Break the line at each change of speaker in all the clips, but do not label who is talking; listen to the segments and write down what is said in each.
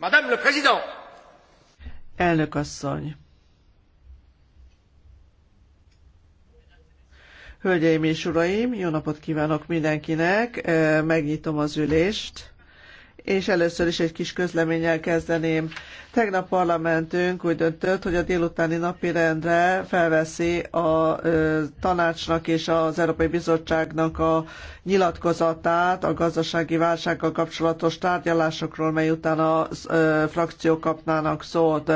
Madame le Président!
Elnök asszony! Hölgyeim és uraim, jó napot kívánok mindenkinek! Megnyitom az ülést és először is egy kis közleménnyel kezdeném. Tegnap parlamentünk úgy döntött, hogy a délutáni napirendre felveszi a tanácsnak és az Európai Bizottságnak a nyilatkozatát a gazdasági válsággal kapcsolatos tárgyalásokról, mely után a frakciók kapnának szót.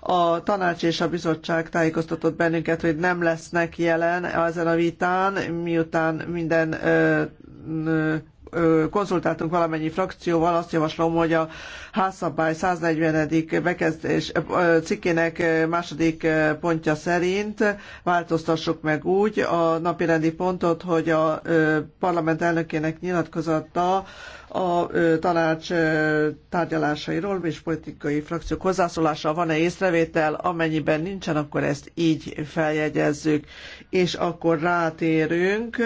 A tanács és a bizottság tájékoztatott bennünket, hogy nem lesznek jelen ezen a vitán, miután minden konzultáltunk valamennyi frakcióval, azt javaslom, hogy a házszabály 140. bekezdés cikkének második pontja szerint változtassuk meg úgy a napirendi pontot, hogy a parlament elnökének nyilatkozata a tanács tárgyalásairól és politikai frakciók hozzászólása van-e észrevétel, amennyiben nincsen, akkor ezt így feljegyezzük, és akkor rátérünk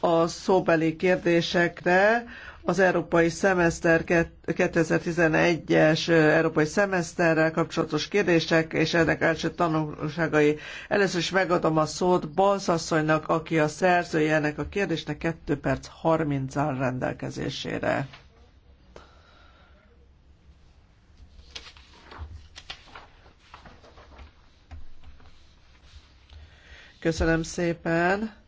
a szóbeli kérdésekre az európai szemeszter 2011-es európai szemeszterrel kapcsolatos kérdések és ennek első tanulságai. Először is megadom a szót Balszasszonynak, aki a szerzője ennek a kérdésnek 2 perc 30 áll rendelkezésére. Köszönöm szépen.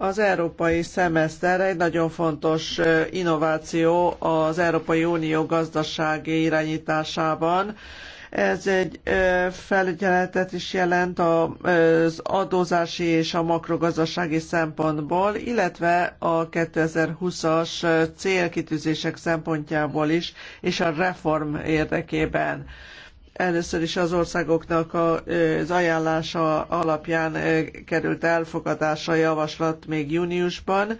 Az európai szemeszter egy nagyon fontos innováció az Európai Unió gazdasági irányításában. Ez egy felügyeletet is jelent az adózási és a makrogazdasági szempontból, illetve a 2020-as célkitűzések szempontjából is, és a reform érdekében először is az országoknak az ajánlása alapján került elfogadásra a javaslat még júniusban,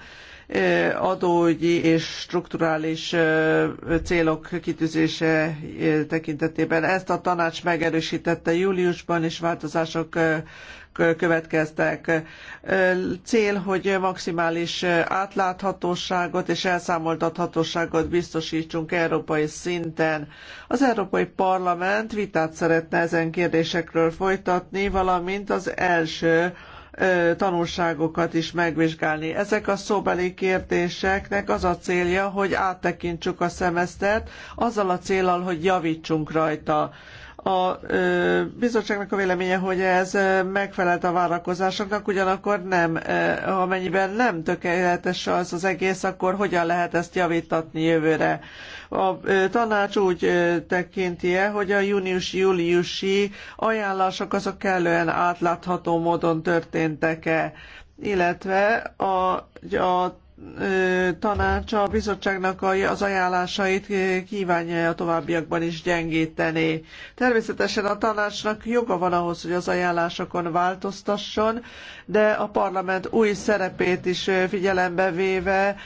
adógyi és strukturális célok kitűzése tekintetében. Ezt a tanács megerősítette júliusban, és változások következtek. Cél, hogy maximális átláthatóságot és elszámoltathatóságot biztosítsunk európai szinten. Az Európai Parlament vitát szeretne ezen kérdésekről folytatni, valamint az első tanulságokat is megvizsgálni. Ezek a szóbeli kérdéseknek az a célja, hogy áttekintsük a szemesztert, azzal a célral, hogy javítsunk rajta. A bizottságnak a véleménye, hogy ez megfelelt a várakozásoknak, ugyanakkor nem, amennyiben nem tökéletes az az egész, akkor hogyan lehet ezt javítatni jövőre. A tanács úgy tekinti -e, hogy a június-júliusi ajánlások azok kellően átlátható módon történtek-e, illetve a, a tanács a bizottságnak az ajánlásait kívánja a továbbiakban is gyengíteni. Természetesen a tanácsnak joga van ahhoz, hogy az ajánlásokon változtasson, de a parlament új szerepét is figyelembe véve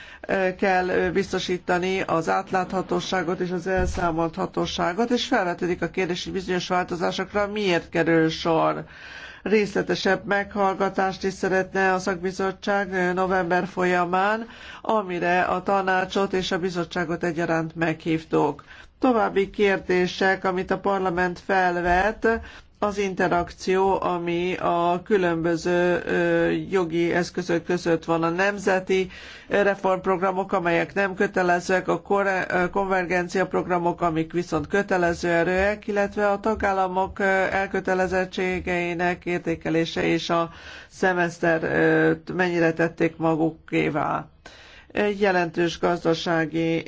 kell biztosítani az átláthatóságot és az elszámolthatóságot, és felvetődik a kérdés, hogy bizonyos változásokra miért kerül sor részletesebb meghallgatást is szeretne a szakbizottság november folyamán, amire a tanácsot és a bizottságot egyaránt meghívtuk. További kérdések, amit a parlament felvet, az interakció, ami a különböző jogi eszközök között van. A nemzeti reformprogramok, amelyek nem kötelezőek, a konvergencia programok, amik viszont kötelező erőek, illetve a tagállamok elkötelezettségeinek értékelése és a szemeszter mennyire tették magukévá. Egy jelentős gazdasági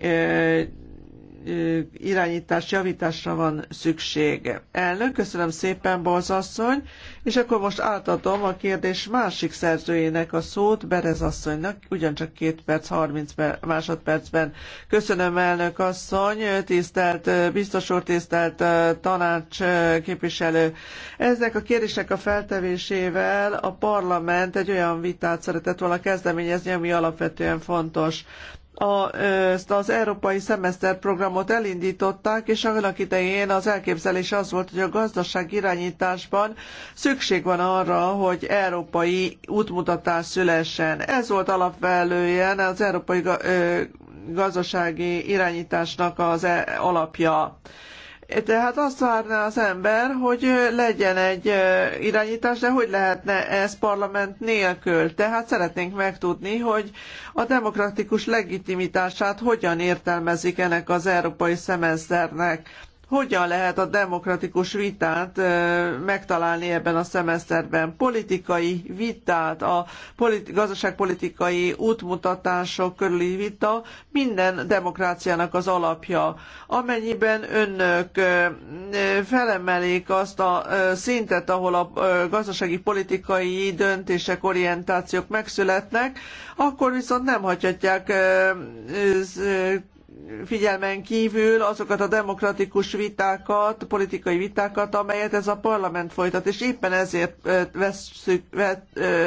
irányítás javításra van szükség. Elnök, köszönöm szépen, Borzasszony, és akkor most átadom a kérdés másik szerzőjének a szót, Berez asszonynak, ugyancsak két perc 30 másodpercben. Köszönöm, elnök asszony, tisztelt biztos úr, tisztelt tanács képviselő. Ezek a kérdések a feltevésével a parlament egy olyan vitát szeretett volna kezdeményezni, ami alapvetően fontos a, ezt az európai szemeszter programot elindították, és annak idején az elképzelés az volt, hogy a gazdaság irányításban szükség van arra, hogy európai útmutatás szülessen. Ez volt alapvetően az európai gazdasági irányításnak az e-, alapja. Tehát azt várná az ember, hogy legyen egy irányítás, de hogy lehetne ez parlament nélkül? Tehát szeretnénk megtudni, hogy a demokratikus legitimitását hogyan értelmezik ennek az európai szemeszternek hogyan lehet a demokratikus vitát megtalálni ebben a szemeszterben. Politikai vitát, a politi- gazdaságpolitikai útmutatások körüli vita minden demokráciának az alapja. Amennyiben önök felemelik azt a szintet, ahol a gazdasági politikai döntések, orientációk megszületnek, akkor viszont nem hagyhatják figyelmen kívül azokat a demokratikus vitákat, politikai vitákat, amelyet ez a parlament folytat, és éppen ezért vet,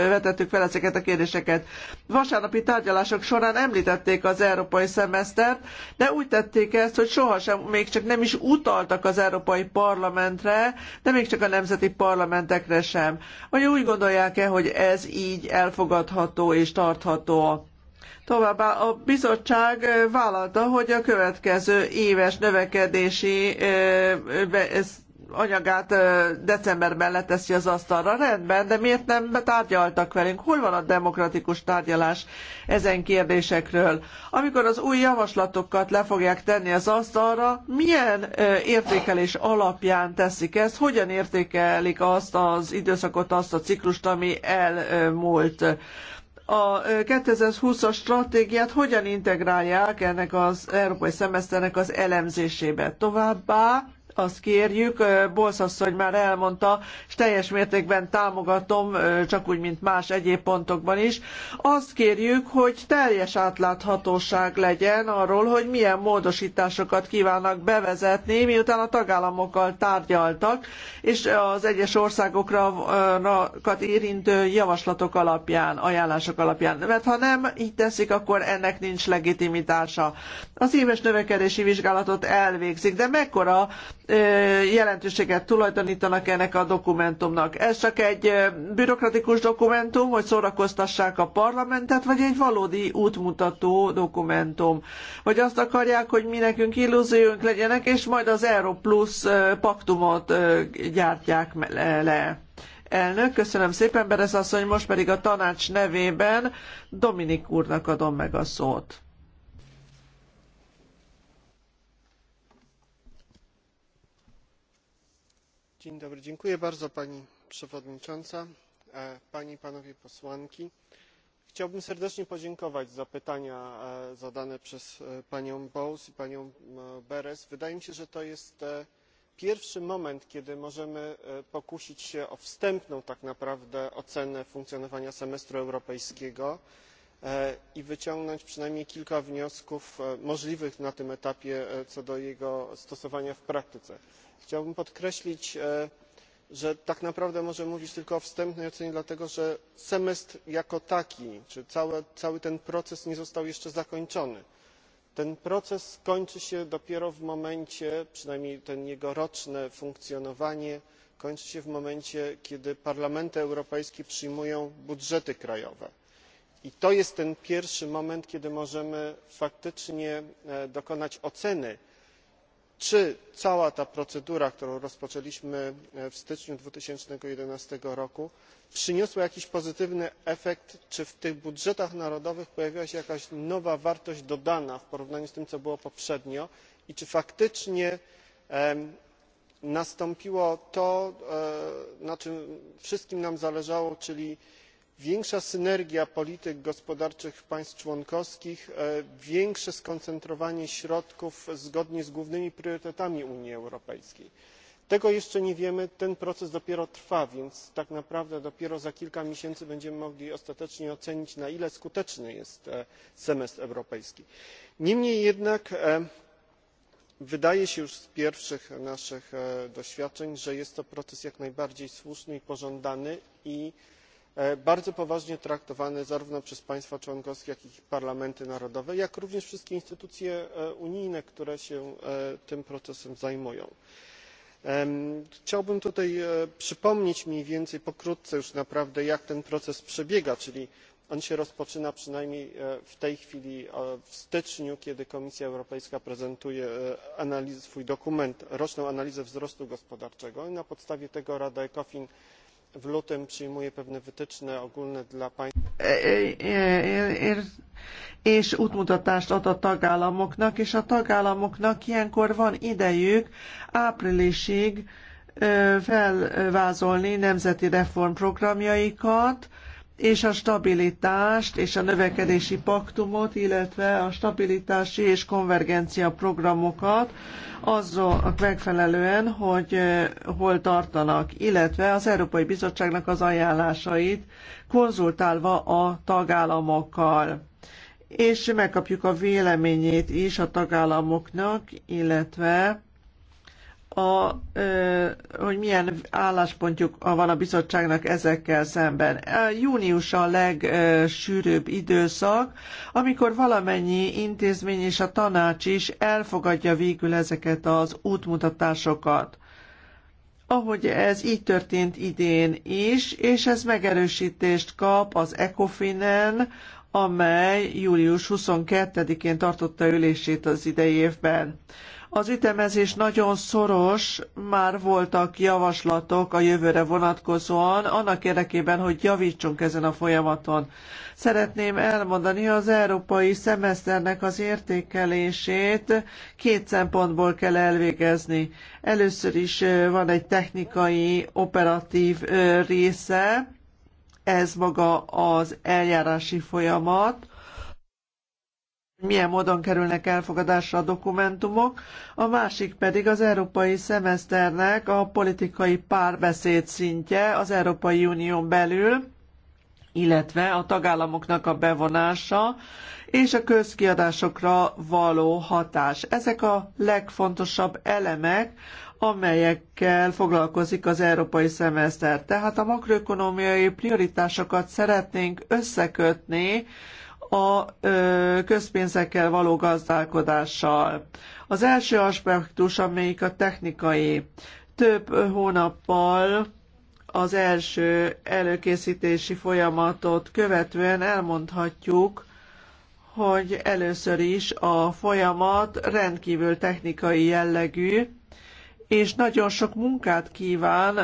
vetettük fel ezeket a kérdéseket. Vasárnapi tárgyalások során említették az európai szemesztert, de úgy tették ezt, hogy sohasem, még csak nem is utaltak az európai parlamentre, de még csak a nemzeti parlamentekre sem. Vagy úgy gondolják-e, hogy ez így elfogadható és tartható? Továbbá a bizottság vállalta, hogy a következő éves növekedési anyagát decemberben leteszi az asztalra. Rendben, de miért nem tárgyaltak velünk? Hol van a demokratikus tárgyalás ezen kérdésekről? Amikor az új javaslatokat le fogják tenni az asztalra, milyen értékelés alapján teszik ezt? Hogyan értékelik azt az időszakot, azt a ciklust, ami elmúlt? a 2020-as stratégiát hogyan integrálják ennek az európai szemeszternek az elemzésébe. Továbbá azt kérjük, asszony már elmondta, és teljes mértékben támogatom, csak úgy, mint más egyéb pontokban is. Azt kérjük, hogy teljes átláthatóság legyen arról, hogy milyen módosításokat kívánnak bevezetni, miután a tagállamokkal tárgyaltak, és az egyes országokra érintő javaslatok alapján, ajánlások alapján. Mert ha nem így teszik, akkor ennek nincs legitimitása az éves növekedési vizsgálatot elvégzik, de mekkora jelentőséget tulajdonítanak ennek a dokumentumnak? Ez csak egy bürokratikus dokumentum, hogy szórakoztassák a parlamentet, vagy egy valódi útmutató dokumentum? Vagy azt akarják, hogy mi nekünk illúziónk legyenek, és majd az Euro Plus paktumot gyártják le? Elnök, köszönöm szépen, Berez asszony, most pedig a tanács nevében Dominik úrnak adom meg a szót.
pani przewodnicząca! E, panie i panowie posłowie! chciałbym serdecznie podziękować za pytania e, zadane przez e, panią bowles i panią bers. wydaje mi się że to jest pierwszy moment kiedy możemy pokusić się o wstępną tak naprawdę ocenę funkcjonowania semestru europejskiego i wyciągnąć przynajmniej kilka wniosków możliwych na tym etapie co do jego stosowania w praktyce chciałbym podkreślić e, że tak naprawdę możemy mówić tylko o wstępnej ocenie dlatego że semestr jako taki czy cały ten proces nie został jeszcze zakończony. ten proces skończy się dopiero w momencie przynajmniej to jego roczne funkcjonowanie kończy się w momencie kiedy parlamenty europejskie przyjmują budżety krajowe i to jest ten pierwszy moment kiedy możemy faktycznie e, dokonać oceny czy cała ta procedura którą rozpoczęliśmy e, w styczniu dwa tysiące jedenaście roku przyniosła jakiś pozytywny efekt czy w tych budżetach narodowych pojawiła się jakaś nowa wartość dodana w porównaniu z tym co było poprzednio i czy faktycznie nastąpiło to e, na czym wszystkim nam zależało czyli większa synergia polityk gospodarczych państw członkowskich e, większe skoncentrowanie środków zgodnie z głównymi priorytetami unii europejskiej. tego jeszcze nie wiemy ten proces dopiero trwa więc tak naprawdę dopiero za kilka miesięcy będziemy mogli ostatecznie ocenić na ile skuteczny jest e, semestr europejski. niemniej jednak e, wydaje się już z pierwszych naszych doświadczeń że jest to proces jak najbardziej słuszny i pożądany i E, bardzo poważnie traktowane zarówno przez państwa członkowskie jak i ich parlamenty narodowe jak również wszystkie instytucje e, unijne które się e, tym procesem zajmują. chciałbym tutaj przypomnieć mniej więcej pokrótce już naprawdę jak ten proces przebiega czyli on się rozpoczyna przynajmniej w tej chwili w styczniu kiedy komisja europejska prezentuje swój dokument roczną analizę wzrostu gospodarczego i na podstawie tego rada ecofin w lutym przyjmuje pewne wytyczne ogólne dla państw. E, e,
e, és útmutatást ad a tagállamoknak, és a tagállamoknak ilyenkor van idejük áprilisig felvázolni nemzeti reformprogramjaikat, és a stabilitást és a növekedési paktumot, illetve a stabilitási és konvergencia programokat azzal megfelelően, hogy hol tartanak, illetve az Európai Bizottságnak az ajánlásait konzultálva a tagállamokkal. És megkapjuk a véleményét is a tagállamoknak, illetve a, hogy milyen álláspontjuk van a bizottságnak ezekkel szemben. Június a legsűrűbb időszak, amikor valamennyi intézmény és a tanács is elfogadja végül ezeket az útmutatásokat ahogy ez így történt idén is, és ez megerősítést kap az ECOFIN-en, amely július 22-én tartotta ülését az idei évben. Az ütemezés nagyon szoros, már voltak javaslatok a jövőre vonatkozóan, annak érdekében, hogy javítsunk ezen a folyamaton. Szeretném elmondani, az európai szemeszternek az értékelését két szempontból kell elvégezni. Először is van egy technikai, operatív része, ez maga az eljárási folyamat, milyen módon kerülnek elfogadásra a dokumentumok, a másik pedig az európai szemeszternek a politikai párbeszéd szintje az Európai Unión belül, illetve a tagállamoknak a bevonása és a közkiadásokra való hatás. Ezek a legfontosabb elemek, amelyekkel foglalkozik az európai szemeszter. Tehát a makroökonómiai prioritásokat szeretnénk összekötni, a közpénzekkel való gazdálkodással. Az első aspektus, amelyik a technikai. Több hónappal az első előkészítési folyamatot követően elmondhatjuk, hogy először is a folyamat rendkívül technikai jellegű, és nagyon sok munkát kíván,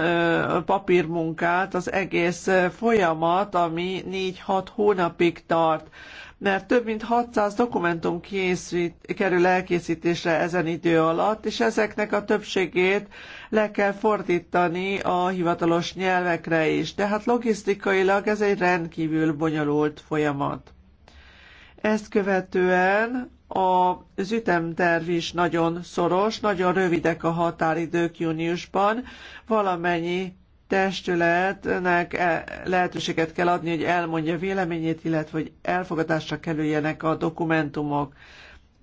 papírmunkát az egész folyamat, ami 4-6 hónapig tart mert több mint 600 dokumentum készít, kerül elkészítésre ezen idő alatt, és ezeknek a többségét le kell fordítani a hivatalos nyelvekre is. Tehát logisztikailag ez egy rendkívül bonyolult folyamat. Ezt követően az ütemterv is nagyon szoros, nagyon rövidek a határidők júniusban, valamennyi testületnek e lehetőséget kell adni, hogy elmondja véleményét, illetve hogy elfogadásra kerüljenek a dokumentumok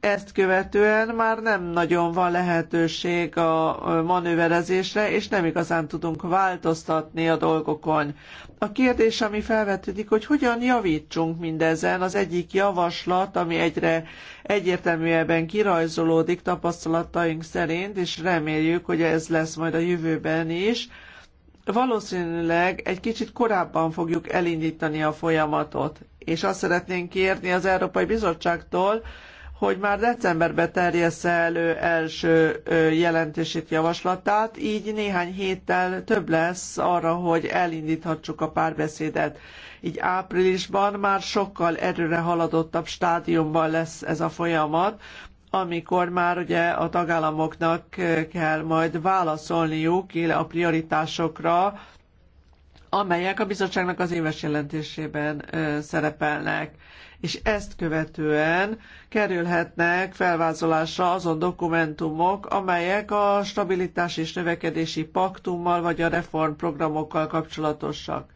ezt követően már nem nagyon van lehetőség a manőverezésre, és nem igazán tudunk változtatni a dolgokon. A kérdés, ami felvetődik, hogy hogyan javítsunk mindezen, az egyik javaslat, ami egyre egyértelműebben kirajzolódik tapasztalataink szerint, és reméljük, hogy ez lesz majd a jövőben is, valószínűleg egy kicsit korábban fogjuk elindítani a folyamatot. És azt szeretnénk kérni az Európai Bizottságtól, hogy már decemberben terjessze elő első jelentését, javaslatát, így néhány héttel több lesz arra, hogy elindíthatsuk a párbeszédet. Így áprilisban már sokkal erőre haladottabb stádiumban lesz ez a folyamat, amikor már ugye a tagállamoknak kell majd válaszolniuk a prioritásokra, amelyek a bizottságnak az éves jelentésében szerepelnek és ezt követően kerülhetnek felvázolásra azon dokumentumok, amelyek a stabilitás és növekedési paktummal vagy a reformprogramokkal kapcsolatosak.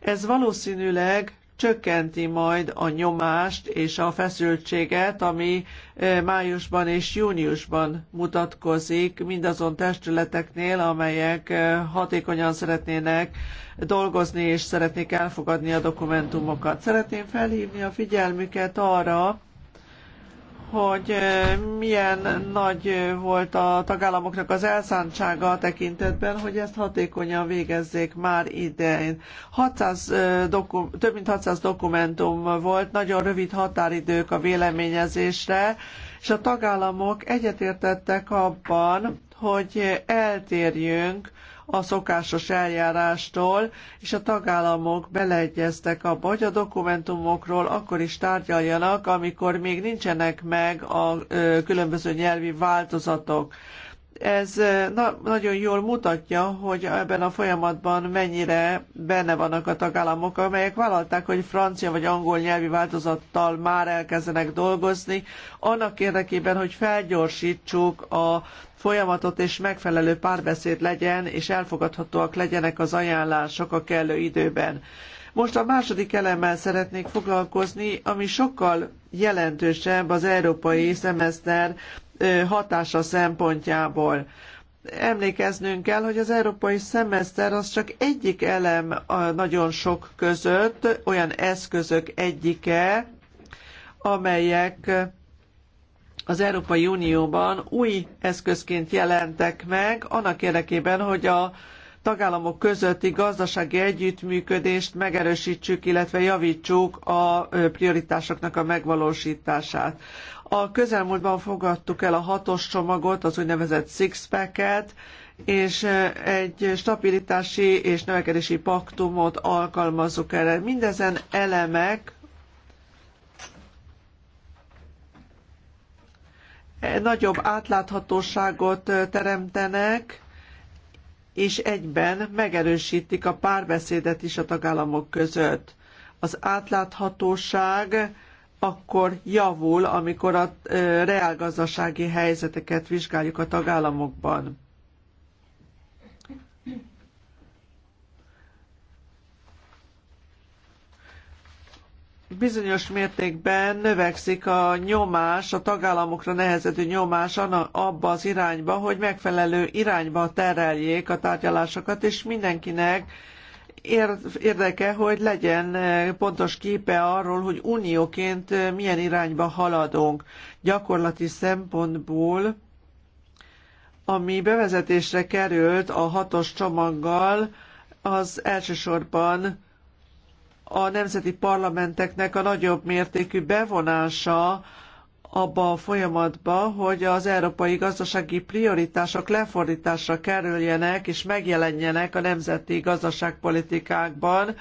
Ez valószínűleg csökkenti majd a nyomást és a feszültséget, ami májusban és júniusban mutatkozik mindazon testületeknél, amelyek hatékonyan szeretnének dolgozni és szeretnék elfogadni a dokumentumokat. Szeretném felhívni a figyelmüket arra, hogy milyen nagy volt a tagállamoknak az elszántsága a tekintetben, hogy ezt hatékonyan végezzék már idején. 600 dokum, több mint 600 dokumentum volt, nagyon rövid határidők a véleményezésre, és a tagállamok egyetértettek abban, hogy eltérjünk a szokásos eljárástól, és a tagállamok beleegyeztek abba, hogy a dokumentumokról akkor is tárgyaljanak, amikor még nincsenek meg a különböző nyelvi változatok ez na- nagyon jól mutatja, hogy ebben a folyamatban mennyire benne vannak a tagállamok, amelyek vállalták, hogy francia vagy angol nyelvi változattal már elkezdenek dolgozni, annak érdekében, hogy felgyorsítsuk a folyamatot, és megfelelő párbeszéd legyen, és elfogadhatóak legyenek az ajánlások a kellő időben. Most a második elemmel szeretnék foglalkozni, ami sokkal jelentősebb az európai szemeszter hatása szempontjából emlékeznünk kell, hogy az európai szemeszter az csak egyik elem a nagyon sok között, olyan eszközök egyike, amelyek az Európai Unióban új eszközként jelentek meg, annak érdekében, hogy a tagállamok közötti gazdasági együttműködést megerősítsük, illetve javítsuk a prioritásoknak a megvalósítását. A közelmúltban fogadtuk el a hatos csomagot, az úgynevezett six-packet, és egy stabilitási és növekedési paktumot alkalmazzuk erre. Mindezen elemek nagyobb átláthatóságot teremtenek, és egyben megerősítik a párbeszédet is a tagállamok között. Az átláthatóság akkor javul, amikor a reálgazdasági helyzeteket vizsgáljuk a tagállamokban. bizonyos mértékben növekszik a nyomás, a tagállamokra nehezedő nyomás abba az irányba, hogy megfelelő irányba tereljék a tárgyalásokat, és mindenkinek érdeke, hogy legyen eh, pontos képe arról, hogy unióként eh, milyen irányba haladunk. Gyakorlati szempontból, ami bevezetésre került a hatos csomaggal, az elsősorban a nemzeti parlamenteknek a nagyobb mértékű bevonása abba a folyamatba, hogy az európai gazdasági prioritások lefordításra kerüljenek és megjelenjenek a nemzeti gazdaságpolitikákban,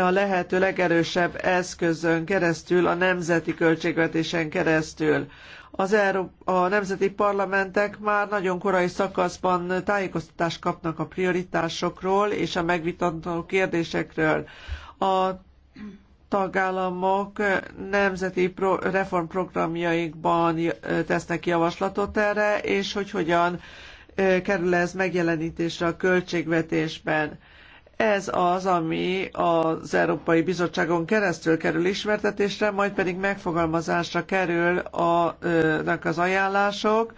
a lehető legerősebb eszközön keresztül, a nemzeti költségvetésen keresztül. Az Euró- a nemzeti parlamentek már nagyon korai szakaszban tájékoztatást kapnak a prioritásokról és a megvitatandó kérdésekről. A tagállamok nemzeti reformprogramjaikban tesznek javaslatot erre, és hogy hogyan kerül ez megjelenítésre a költségvetésben. Ez az, ami az Európai Bizottságon keresztül kerül ismertetésre, majd pedig megfogalmazásra kerül a, az ajánlások,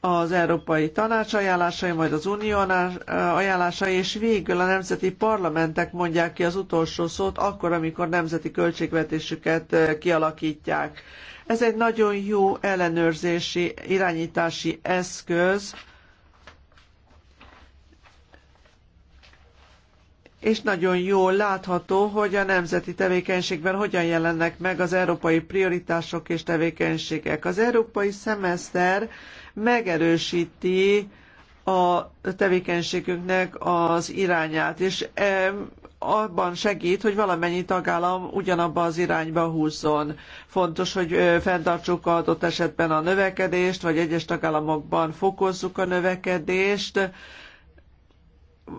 az Európai Tanács ajánlásai, majd az Unió ajánlásai, és végül a nemzeti parlamentek mondják ki az utolsó szót, akkor, amikor nemzeti költségvetésüket kialakítják. Ez egy nagyon jó ellenőrzési, irányítási eszköz, és nagyon jól látható, hogy a nemzeti tevékenységben hogyan jelennek meg az európai prioritások és tevékenységek. Az európai szemeszter megerősíti a tevékenységünknek az irányát, és abban segít, hogy valamennyi tagállam ugyanabba az irányba húzzon. Fontos, hogy fenntartsuk adott esetben a növekedést, vagy egyes tagállamokban fokozzuk a növekedést,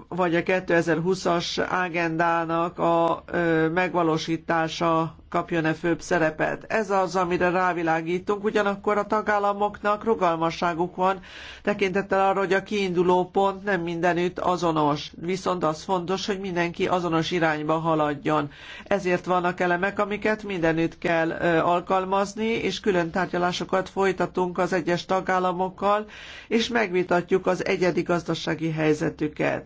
vagy a 2020-as agendának a megvalósítása kapjon-e főbb szerepet. Ez az, amire rávilágítunk, ugyanakkor a tagállamoknak rugalmasságuk van, tekintettel arra, hogy a kiinduló pont nem mindenütt azonos. Viszont az fontos, hogy mindenki azonos irányba haladjon. Ezért vannak elemek, amiket mindenütt kell alkalmazni, és külön tárgyalásokat folytatunk az egyes tagállamokkal, és megvitatjuk az egyedi gazdasági helyzetüket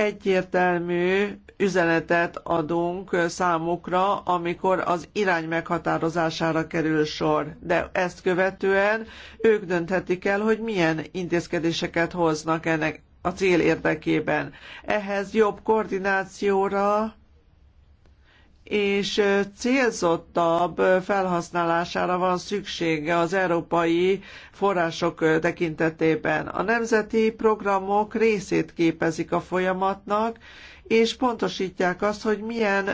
egyértelmű üzenetet adunk számukra, amikor az irány meghatározására kerül sor. De ezt követően ők dönthetik el, hogy milyen intézkedéseket hoznak ennek a cél érdekében. Ehhez jobb koordinációra, és célzottabb felhasználására van szüksége az európai források tekintetében. A nemzeti programok részét képezik a folyamatnak, és pontosítják azt, hogy milyen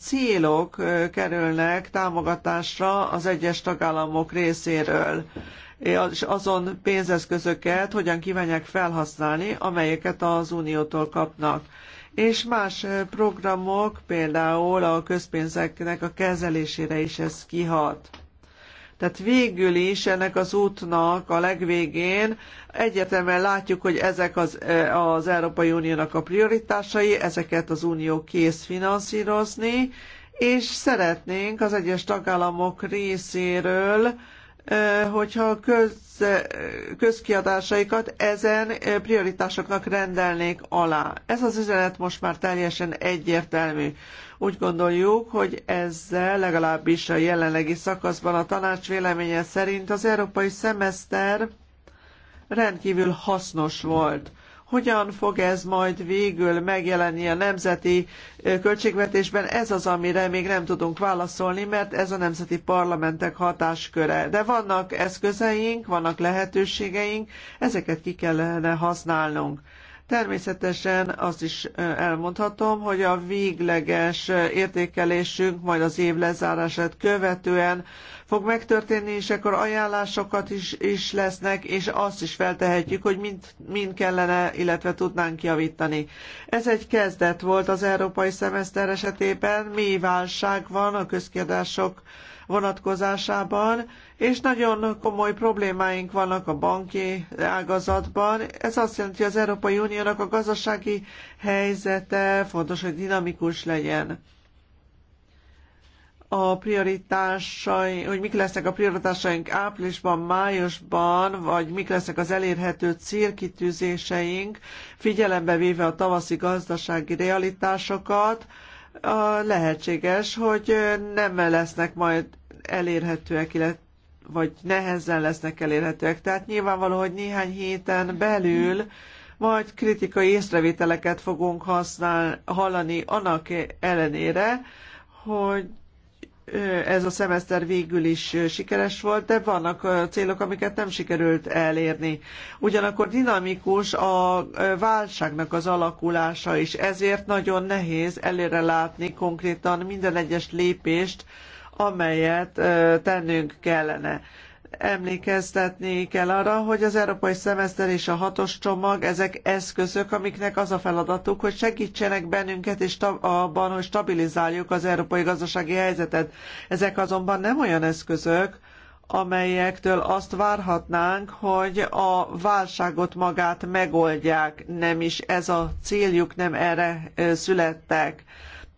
célok kerülnek támogatásra az egyes tagállamok részéről és azon pénzeszközöket hogyan kívánják felhasználni, amelyeket az Uniótól kapnak és más programok, például a közpénzeknek a kezelésére is ez kihat. Tehát végül is ennek az útnak a legvégén egyetemen látjuk, hogy ezek az, az Európai Uniónak a prioritásai, ezeket az Unió kész finanszírozni, és szeretnénk az egyes tagállamok részéről hogyha a köz, közkiadásaikat ezen prioritásoknak rendelnék alá. Ez az üzenet most már teljesen egyértelmű. Úgy gondoljuk, hogy ezzel legalábbis a jelenlegi szakaszban a tanács véleménye szerint az európai szemeszter rendkívül hasznos volt. Hogyan fog ez majd végül megjelenni a nemzeti költségvetésben? Ez az, amire még nem tudunk válaszolni, mert ez a nemzeti parlamentek hatásköre. De vannak eszközeink, vannak lehetőségeink, ezeket ki kellene használnunk. Természetesen azt is elmondhatom, hogy a végleges értékelésünk majd az év lezárását követően fog megtörténni, és akkor ajánlásokat is, is lesznek, és azt is feltehetjük, hogy mind, mind kellene, illetve tudnánk javítani. Ez egy kezdet volt az európai szemeszter esetében, mi válság van a közkérdások vonatkozásában, és nagyon komoly problémáink vannak a banki ágazatban. Ez azt jelenti, hogy az Európai Uniónak a gazdasági helyzete fontos, hogy dinamikus legyen a prioritásai, hogy mik lesznek a prioritásaink áprilisban, májusban, vagy mik lesznek az elérhető célkitűzéseink, figyelembe véve a tavaszi gazdasági realitásokat, lehetséges, hogy nem lesznek majd elérhetőek, illetve vagy nehezen lesznek elérhetőek. Tehát nyilvánvaló, hogy néhány héten belül majd kritikai észrevételeket fogunk használ, hallani annak ellenére, hogy ez a szemeszter végül is sikeres volt, de vannak célok, amiket nem sikerült elérni. Ugyanakkor dinamikus a válságnak az alakulása is, ezért nagyon nehéz előre látni konkrétan minden egyes lépést, amelyet tennünk kellene emlékeztetni kell arra, hogy az európai szemeszter és a hatos csomag, ezek eszközök, amiknek az a feladatuk, hogy segítsenek bennünket és abban, hogy stabilizáljuk az európai gazdasági helyzetet. Ezek azonban nem olyan eszközök, amelyektől azt várhatnánk, hogy a válságot magát megoldják. Nem is ez a céljuk, nem erre születtek.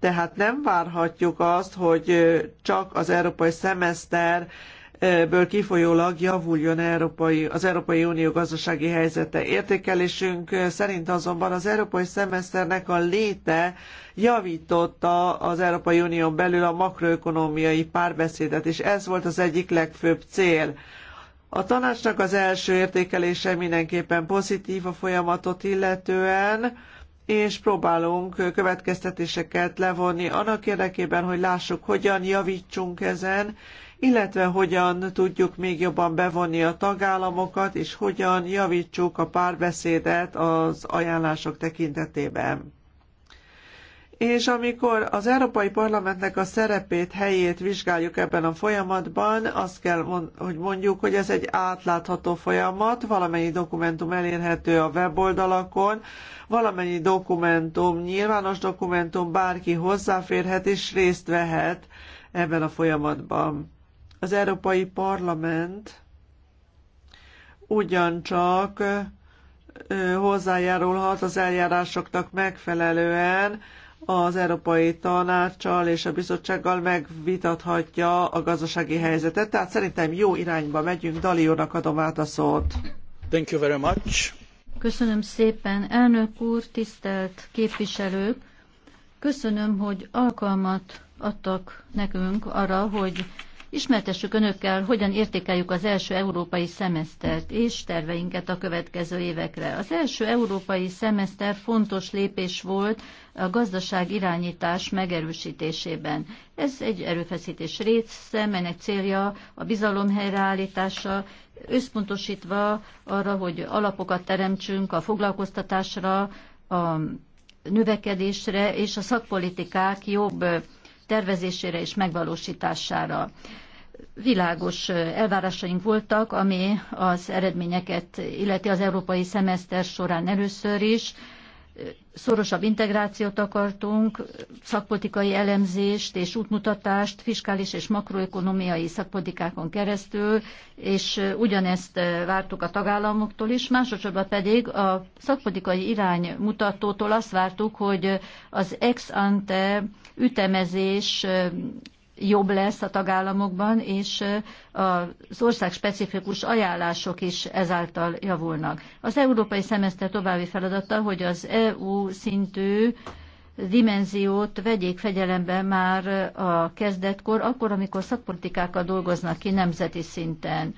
Tehát nem várhatjuk azt, hogy csak az európai szemeszter ből kifolyólag javuljon európai, az Európai Unió gazdasági helyzete. Értékelésünk szerint azonban az európai szemeszternek a léte javította az Európai Unión belül a makroökonómiai párbeszédet, és ez volt az egyik legfőbb cél. A tanácsnak az első értékelése mindenképpen pozitív a folyamatot illetően, és próbálunk következtetéseket levonni annak érdekében, hogy lássuk, hogyan javítsunk ezen, illetve hogyan tudjuk még jobban bevonni a tagállamokat, és hogyan javítsuk a párbeszédet az ajánlások tekintetében. És amikor az Európai Parlamentnek a szerepét, helyét vizsgáljuk ebben a folyamatban, azt kell, hogy mondjuk, hogy ez egy átlátható folyamat, valamennyi dokumentum elérhető a weboldalakon, valamennyi dokumentum, nyilvános dokumentum, bárki hozzáférhet és részt vehet ebben a folyamatban. Az Európai Parlament ugyancsak hozzájárulhat az eljárásoknak megfelelően az Európai Tanácssal és a bizottsággal megvitathatja a gazdasági helyzetet. Tehát szerintem jó irányba megyünk. Daliónak adom át a szót.
Thank you very much.
Köszönöm szépen, elnök úr, tisztelt képviselők! Köszönöm, hogy alkalmat adtak nekünk arra, hogy Ismertessük önökkel, hogyan értékeljük az első európai szemesztert és terveinket a következő évekre. Az első európai szemeszter fontos lépés volt a gazdaság irányítás megerősítésében. Ez egy erőfeszítés része, melynek célja a bizalom helyreállítása, összpontosítva arra, hogy alapokat teremtsünk a foglalkoztatásra, a növekedésre és a szakpolitikák jobb tervezésére és megvalósítására. Világos elvárásaink voltak, ami az eredményeket illeti az európai szemeszter során először is, szorosabb integrációt akartunk, szakpolitikai elemzést és útmutatást fiskális és makroekonomiai szakpolitikákon keresztül, és ugyanezt vártuk a tagállamoktól is. Másodszorban pedig a szakpolitikai iránymutatótól azt vártuk, hogy az ex ante ütemezés jobb lesz a tagállamokban, és az ország specifikus ajánlások is ezáltal javulnak. Az európai szemeszter további feladata, hogy az EU szintű dimenziót vegyék fegyelembe már a kezdetkor, akkor, amikor szakpolitikákkal dolgoznak ki nemzeti szinten.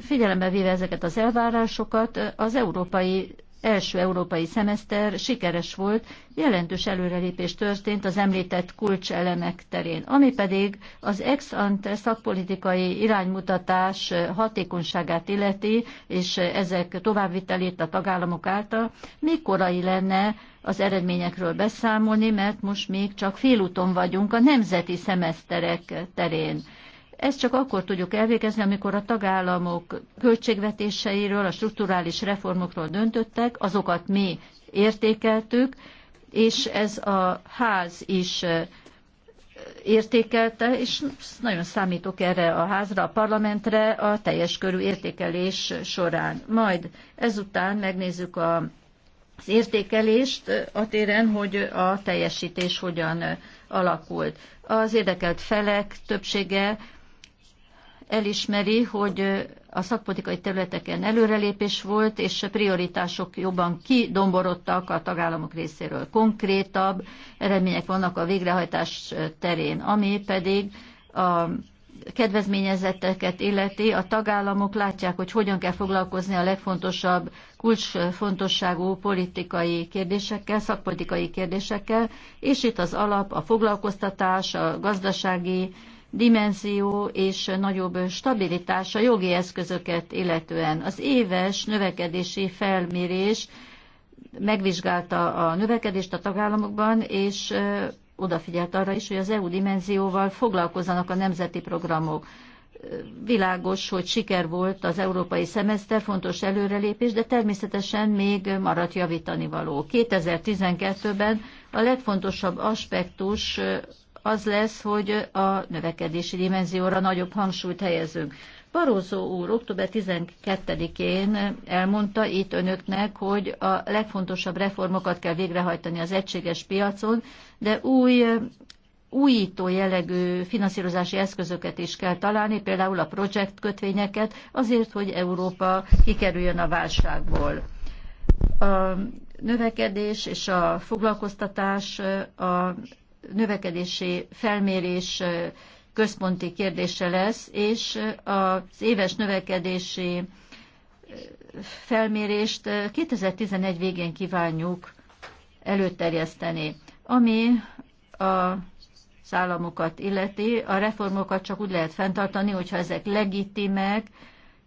Figyelembe véve ezeket az elvárásokat, az európai első európai szemeszter sikeres volt, jelentős előrelépés történt az említett kulcselemek terén, ami pedig az ex-ante szakpolitikai iránymutatás hatékonyságát illeti, és ezek továbbvitelét a tagállamok által, még korai lenne az eredményekről beszámolni, mert most még csak félúton vagyunk a nemzeti szemeszterek terén. Ezt csak akkor tudjuk elvégezni, amikor a tagállamok költségvetéseiről, a strukturális reformokról döntöttek, azokat mi értékeltük, és ez a ház is értékelte, és nagyon számítok erre a házra, a parlamentre a teljes körű értékelés során. Majd ezután megnézzük a, az értékelést a téren, hogy a teljesítés hogyan alakult. Az érdekelt felek többsége elismeri, hogy a szakpolitikai területeken előrelépés volt, és a prioritások jobban kidomborodtak a tagállamok részéről. Konkrétabb eredmények vannak a végrehajtás terén, ami pedig a kedvezményezetteket illeti, a tagállamok látják, hogy hogyan kell foglalkozni a legfontosabb kulcsfontosságú politikai kérdésekkel, szakpolitikai kérdésekkel, és itt az alap a foglalkoztatás, a gazdasági dimenzió és nagyobb stabilitás a jogi eszközöket illetően. Az éves növekedési felmérés megvizsgálta a növekedést a tagállamokban, és odafigyelt arra is, hogy az EU dimenzióval foglalkozzanak a nemzeti programok. Világos, hogy siker volt az európai szemeszter, fontos előrelépés, de természetesen még maradt javítani való. 2012-ben a legfontosabb aspektus az lesz, hogy a növekedési dimenzióra nagyobb hangsúlyt helyezünk. Barózó úr október 12-én elmondta itt önöknek, hogy a legfontosabb reformokat kell végrehajtani az egységes piacon, de új újító jellegű finanszírozási eszközöket is kell találni, például a projektkötvényeket, azért, hogy Európa kikerüljön a válságból. A növekedés és a foglalkoztatás a növekedési felmérés központi kérdése lesz, és az éves növekedési felmérést 2011 végén kívánjuk előterjeszteni. Ami a államokat illeti, a reformokat csak úgy lehet fenntartani, hogyha ezek legitimek,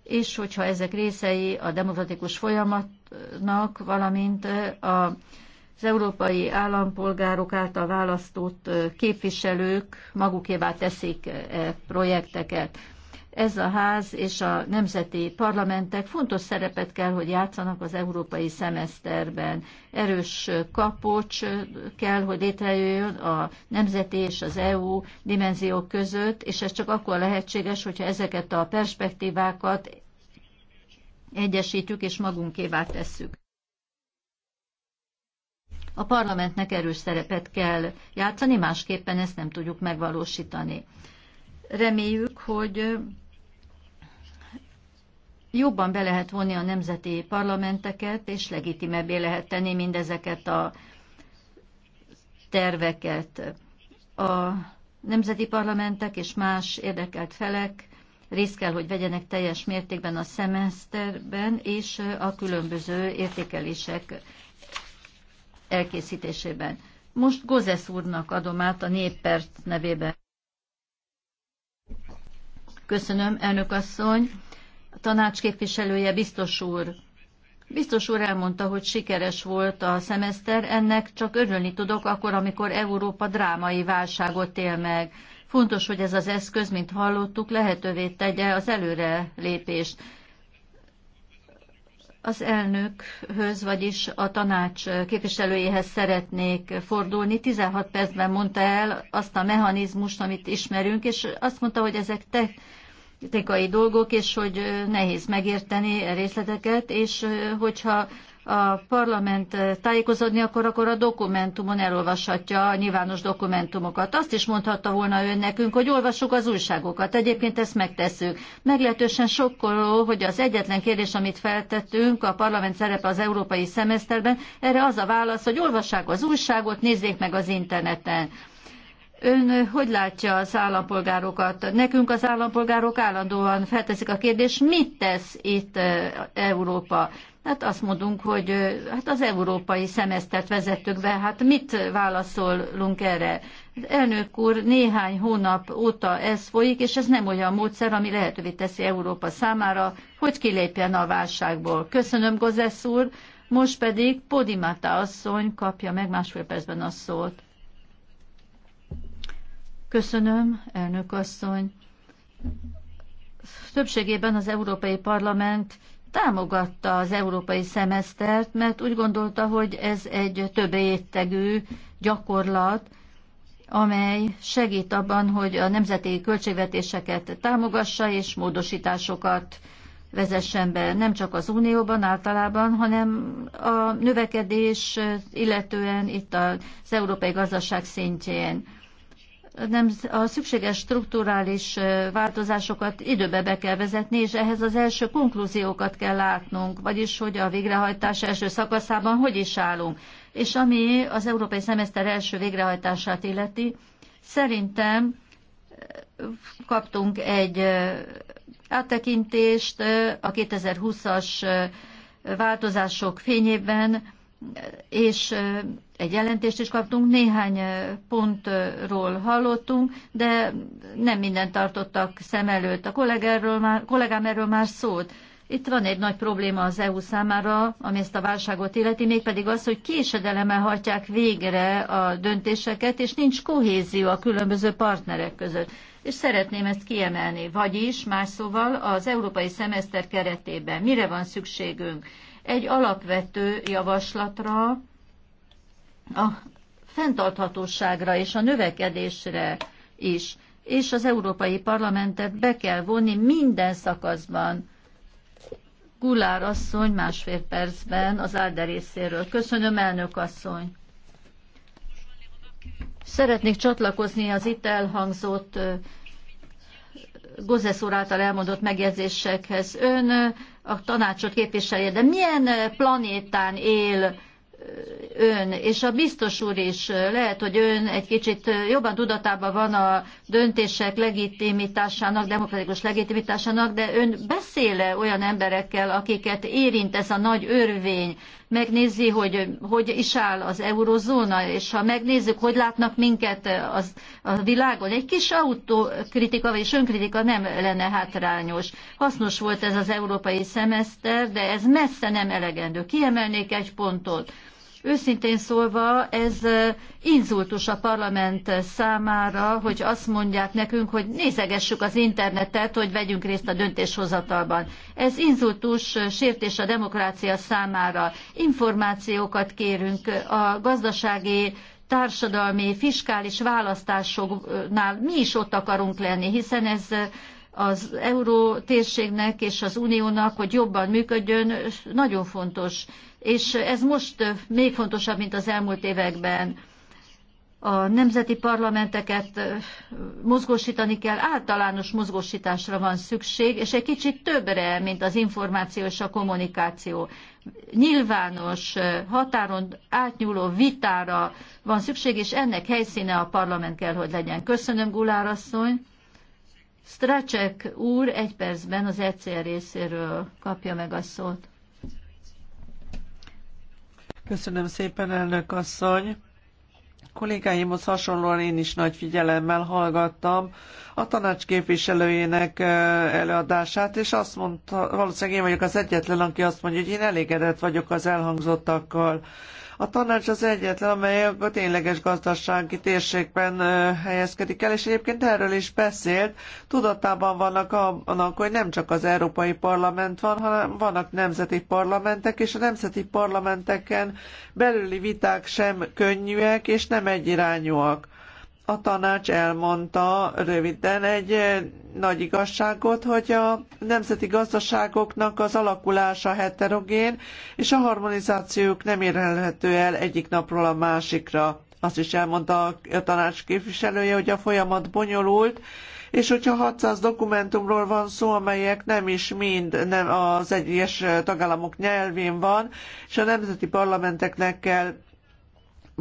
és hogyha ezek részei a demokratikus folyamatnak, valamint a az európai állampolgárok által választott képviselők magukévá teszik -e projekteket. Ez a ház és a nemzeti parlamentek fontos szerepet kell, hogy játszanak az európai szemeszterben. Erős kapocs kell, hogy létrejöjjön a nemzeti és az EU dimenziók között, és ez csak akkor lehetséges, hogyha ezeket a perspektívákat egyesítjük és magunkévá tesszük. A parlamentnek erős szerepet kell játszani, másképpen ezt nem tudjuk megvalósítani. Reméljük, hogy jobban be lehet vonni a nemzeti parlamenteket, és legitimebbé lehet tenni mindezeket a terveket. A nemzeti parlamentek és más érdekelt felek részt kell, hogy vegyenek teljes mértékben a szemeszterben és a különböző értékelések elkészítésében. Most Gozesz úrnak adom át a néppert nevében. Köszönöm, elnök asszony. A tanács képviselője biztos úr. Biztos úr elmondta, hogy sikeres volt a szemeszter, ennek csak örülni tudok akkor, amikor Európa drámai válságot él meg. Fontos, hogy ez az eszköz, mint hallottuk, lehetővé tegye az előre lépést az elnökhöz, vagyis a tanács képviselőjéhez szeretnék fordulni. 16 percben mondta el azt a mechanizmust, amit ismerünk, és azt mondta, hogy ezek technikai dolgok, és hogy nehéz megérteni részleteket, és hogyha a parlament tájékozódni akar, akkor a dokumentumon elolvashatja a nyilvános dokumentumokat. Azt is mondhatta volna ön nekünk, hogy olvassuk az újságokat. Egyébként ezt megteszünk. Meglehetősen sokkoló, hogy az egyetlen kérdés, amit feltettünk, a parlament szerepe az európai szemeszterben, erre az a válasz, hogy olvassák az újságot, nézzék meg az interneten. Ön hogy látja az állampolgárokat? Nekünk az állampolgárok állandóan felteszik a kérdést, mit tesz itt eh, Európa? Hát azt mondunk, hogy hát az európai szemesztert vezettük be, hát mit válaszolunk erre? Elnök úr, néhány hónap óta ez folyik, és ez nem olyan módszer, ami lehetővé teszi Európa számára, hogy kilépjen a válságból. Köszönöm, Gozesz úr. Most pedig Podimata asszony kapja meg másfél percben a szót. Köszönöm, elnök asszony. Többségében az Európai Parlament támogatta az európai szemesztert, mert úgy gondolta, hogy ez egy több éttegű gyakorlat, amely segít abban, hogy a nemzeti költségvetéseket támogassa és módosításokat vezessen be nem csak az Unióban általában, hanem a növekedés, illetően itt az európai gazdaság szintjén nem, a szükséges strukturális változásokat időbe be kell vezetni, és ehhez az első konklúziókat kell látnunk, vagyis hogy a végrehajtás első szakaszában hogy is állunk. És ami az európai szemeszter első végrehajtását illeti, szerintem kaptunk egy áttekintést a 2020-as változások fényében, és egy jelentést is kaptunk, néhány pontról hallottunk, de nem mindent tartottak szem előtt. A kollégáról már, kollégám erről már szólt. Itt van egy nagy probléma az EU számára, ami ezt a válságot illeti, mégpedig az, hogy késedelemmel hajtják végre a döntéseket, és nincs kohézió a különböző partnerek között. És szeretném ezt kiemelni. Vagyis, más szóval, az európai szemeszter keretében mire van szükségünk? Egy alapvető javaslatra, a fenntarthatóságra és a növekedésre is, és az Európai Parlamentet be kell vonni minden szakaszban. Gulár asszony másfél percben az Álder részéről. Köszönöm, elnök asszony. Szeretnék csatlakozni az itt elhangzott Gozesz úr által elmondott megjegyzésekhez. Ön a tanácsot képviselje, de milyen planétán él ön, és a biztos úr is lehet, hogy ön egy kicsit jobban tudatában van a döntések legitimitásának, demokratikus legitimitásának, de ön beszéle olyan emberekkel, akiket érint ez a nagy örvény, megnézi, hogy hogy is áll az eurozóna, és ha megnézzük, hogy látnak minket az, a világon, egy kis autokritika vagy önkritika nem lenne hátrányos. Hasznos volt ez az európai szemeszter, de ez messze nem elegendő. Kiemelnék egy pontot. Őszintén szólva, ez inzultus a parlament számára, hogy azt mondják nekünk, hogy nézegessük az internetet, hogy vegyünk részt a döntéshozatalban. Ez inzultus sértés a demokrácia számára. Információkat kérünk a gazdasági társadalmi, fiskális választásoknál mi is ott akarunk lenni, hiszen ez az euró térségnek és az uniónak, hogy jobban működjön, nagyon fontos és ez most még fontosabb, mint az elmúlt években. A nemzeti parlamenteket mozgósítani kell, általános mozgósításra van szükség, és egy kicsit többre, mint az információ és a kommunikáció. Nyilvános, határon átnyúló vitára van szükség, és ennek helyszíne a parlament kell, hogy legyen. Köszönöm, Gulár asszony. Stracek úr egy percben az ECR részéről kapja meg a szót.
Köszönöm szépen, elnök asszony. Kollégáimhoz hasonlóan én is nagy figyelemmel hallgattam a tanács képviselőjének előadását, és azt mondta, valószínűleg én vagyok az egyetlen, aki azt mondja, hogy én elégedett vagyok az elhangzottakkal. A tanács az egyetlen, amely a tényleges gazdasági térségben helyezkedik el, és egyébként erről is beszélt. Tudatában vannak annak, hogy nem csak az Európai Parlament van, hanem vannak nemzeti parlamentek, és a nemzeti parlamenteken belüli viták sem könnyűek, és nem egyirányúak a tanács elmondta röviden egy eh, nagy igazságot, hogy a nemzeti gazdaságoknak az alakulása heterogén, és a harmonizációk nem érhető el egyik napról a másikra. Azt is elmondta a tanács képviselője, hogy a folyamat bonyolult, és hogyha 600 dokumentumról van szó, amelyek nem is mind nem az egyes tagállamok nyelvén van, és a nemzeti parlamenteknek kell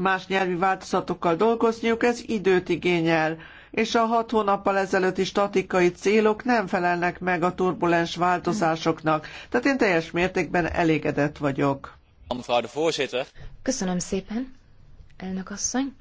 más nyelvi változatokkal dolgozniuk, ez időt igényel, és a hat hónappal ezelőtti statikai célok nem felelnek meg a turbulens változásoknak, tehát én teljes mértékben elégedett vagyok.
Köszönöm szépen, elnök asszony.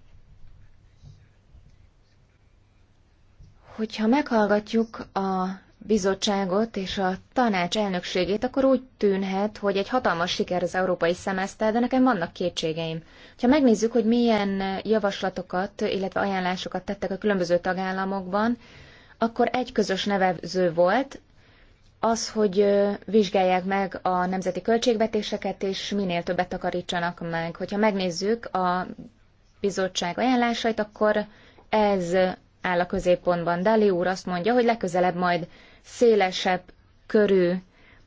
Hogyha meghallgatjuk a bizottságot és a tanács elnökségét, akkor úgy tűnhet, hogy egy hatalmas siker az európai szemeszter, de nekem vannak kétségeim. Ha megnézzük, hogy milyen javaslatokat, illetve ajánlásokat tettek a különböző tagállamokban, akkor egy közös nevező volt, az, hogy vizsgálják meg a nemzeti költségvetéseket, és minél többet takarítsanak meg. Hogyha megnézzük a bizottság ajánlásait, akkor ez áll a középpontban. Dali úr azt mondja, hogy legközelebb majd szélesebb körű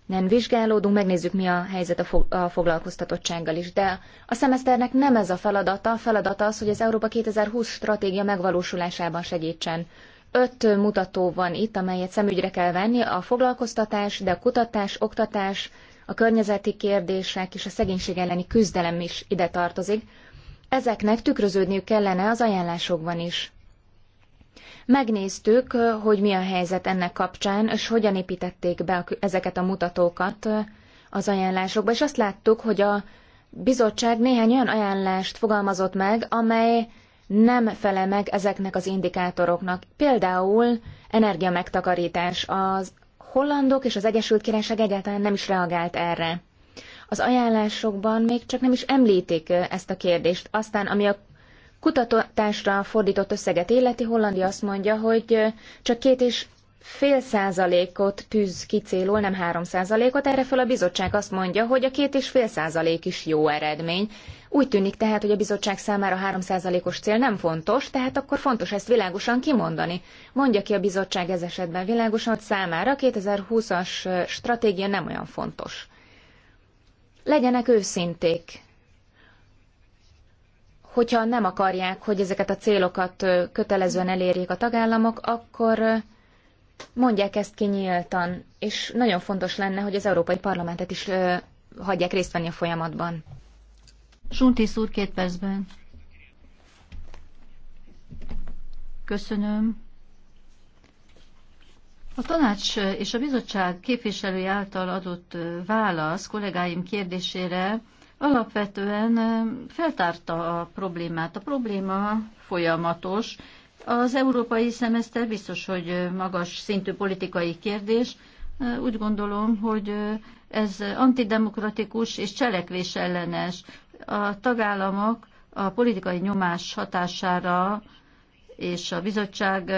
nem vizsgálódunk, megnézzük, mi a helyzet a, fo- a foglalkoztatottsággal is. De a szemeszternek nem ez a feladata, a feladata az, hogy az Európa 2020 stratégia megvalósulásában segítsen. Öt mutató van itt, amelyet szemügyre kell venni, a foglalkoztatás, de a kutatás, oktatás, a környezeti kérdések és a szegénység elleni küzdelem is ide tartozik. Ezeknek tükröződniük kellene az ajánlásokban is. Megnéztük, hogy mi a helyzet ennek kapcsán, és hogyan építették be ezeket a mutatókat az ajánlásokba, és azt láttuk, hogy a bizottság néhány olyan ajánlást fogalmazott meg, amely nem felel meg ezeknek az indikátoroknak. Például energiamegtakarítás. Az hollandok és az Egyesült Királyság egyáltalán nem is reagált erre. Az ajánlásokban még csak nem is említik ezt a kérdést. Aztán, ami a kutatásra fordított összeget illeti, Hollandia azt mondja, hogy csak két és fél százalékot tűz ki célul, nem három százalékot, erre föl a bizottság azt mondja, hogy a két és fél százalék is jó eredmény. Úgy tűnik tehát, hogy a bizottság számára három százalékos cél nem fontos, tehát akkor fontos ezt világosan kimondani. Mondja ki a bizottság ez esetben világosan, hogy számára a 2020-as stratégia nem olyan fontos. Legyenek őszinték hogyha nem akarják, hogy ezeket a célokat kötelezően elérjék a tagállamok, akkor mondják ezt ki nyíltan, és nagyon fontos lenne, hogy az Európai Parlamentet is hagyják részt venni a folyamatban. Suntis úr, két percben.
Köszönöm. A tanács és a bizottság képviselői által adott válasz kollégáim kérdésére alapvetően feltárta a problémát. A probléma folyamatos. Az európai szemeszter biztos, hogy magas szintű politikai kérdés. Úgy gondolom, hogy ez antidemokratikus és cselekvés ellenes. A tagállamok a politikai nyomás hatására és a bizottság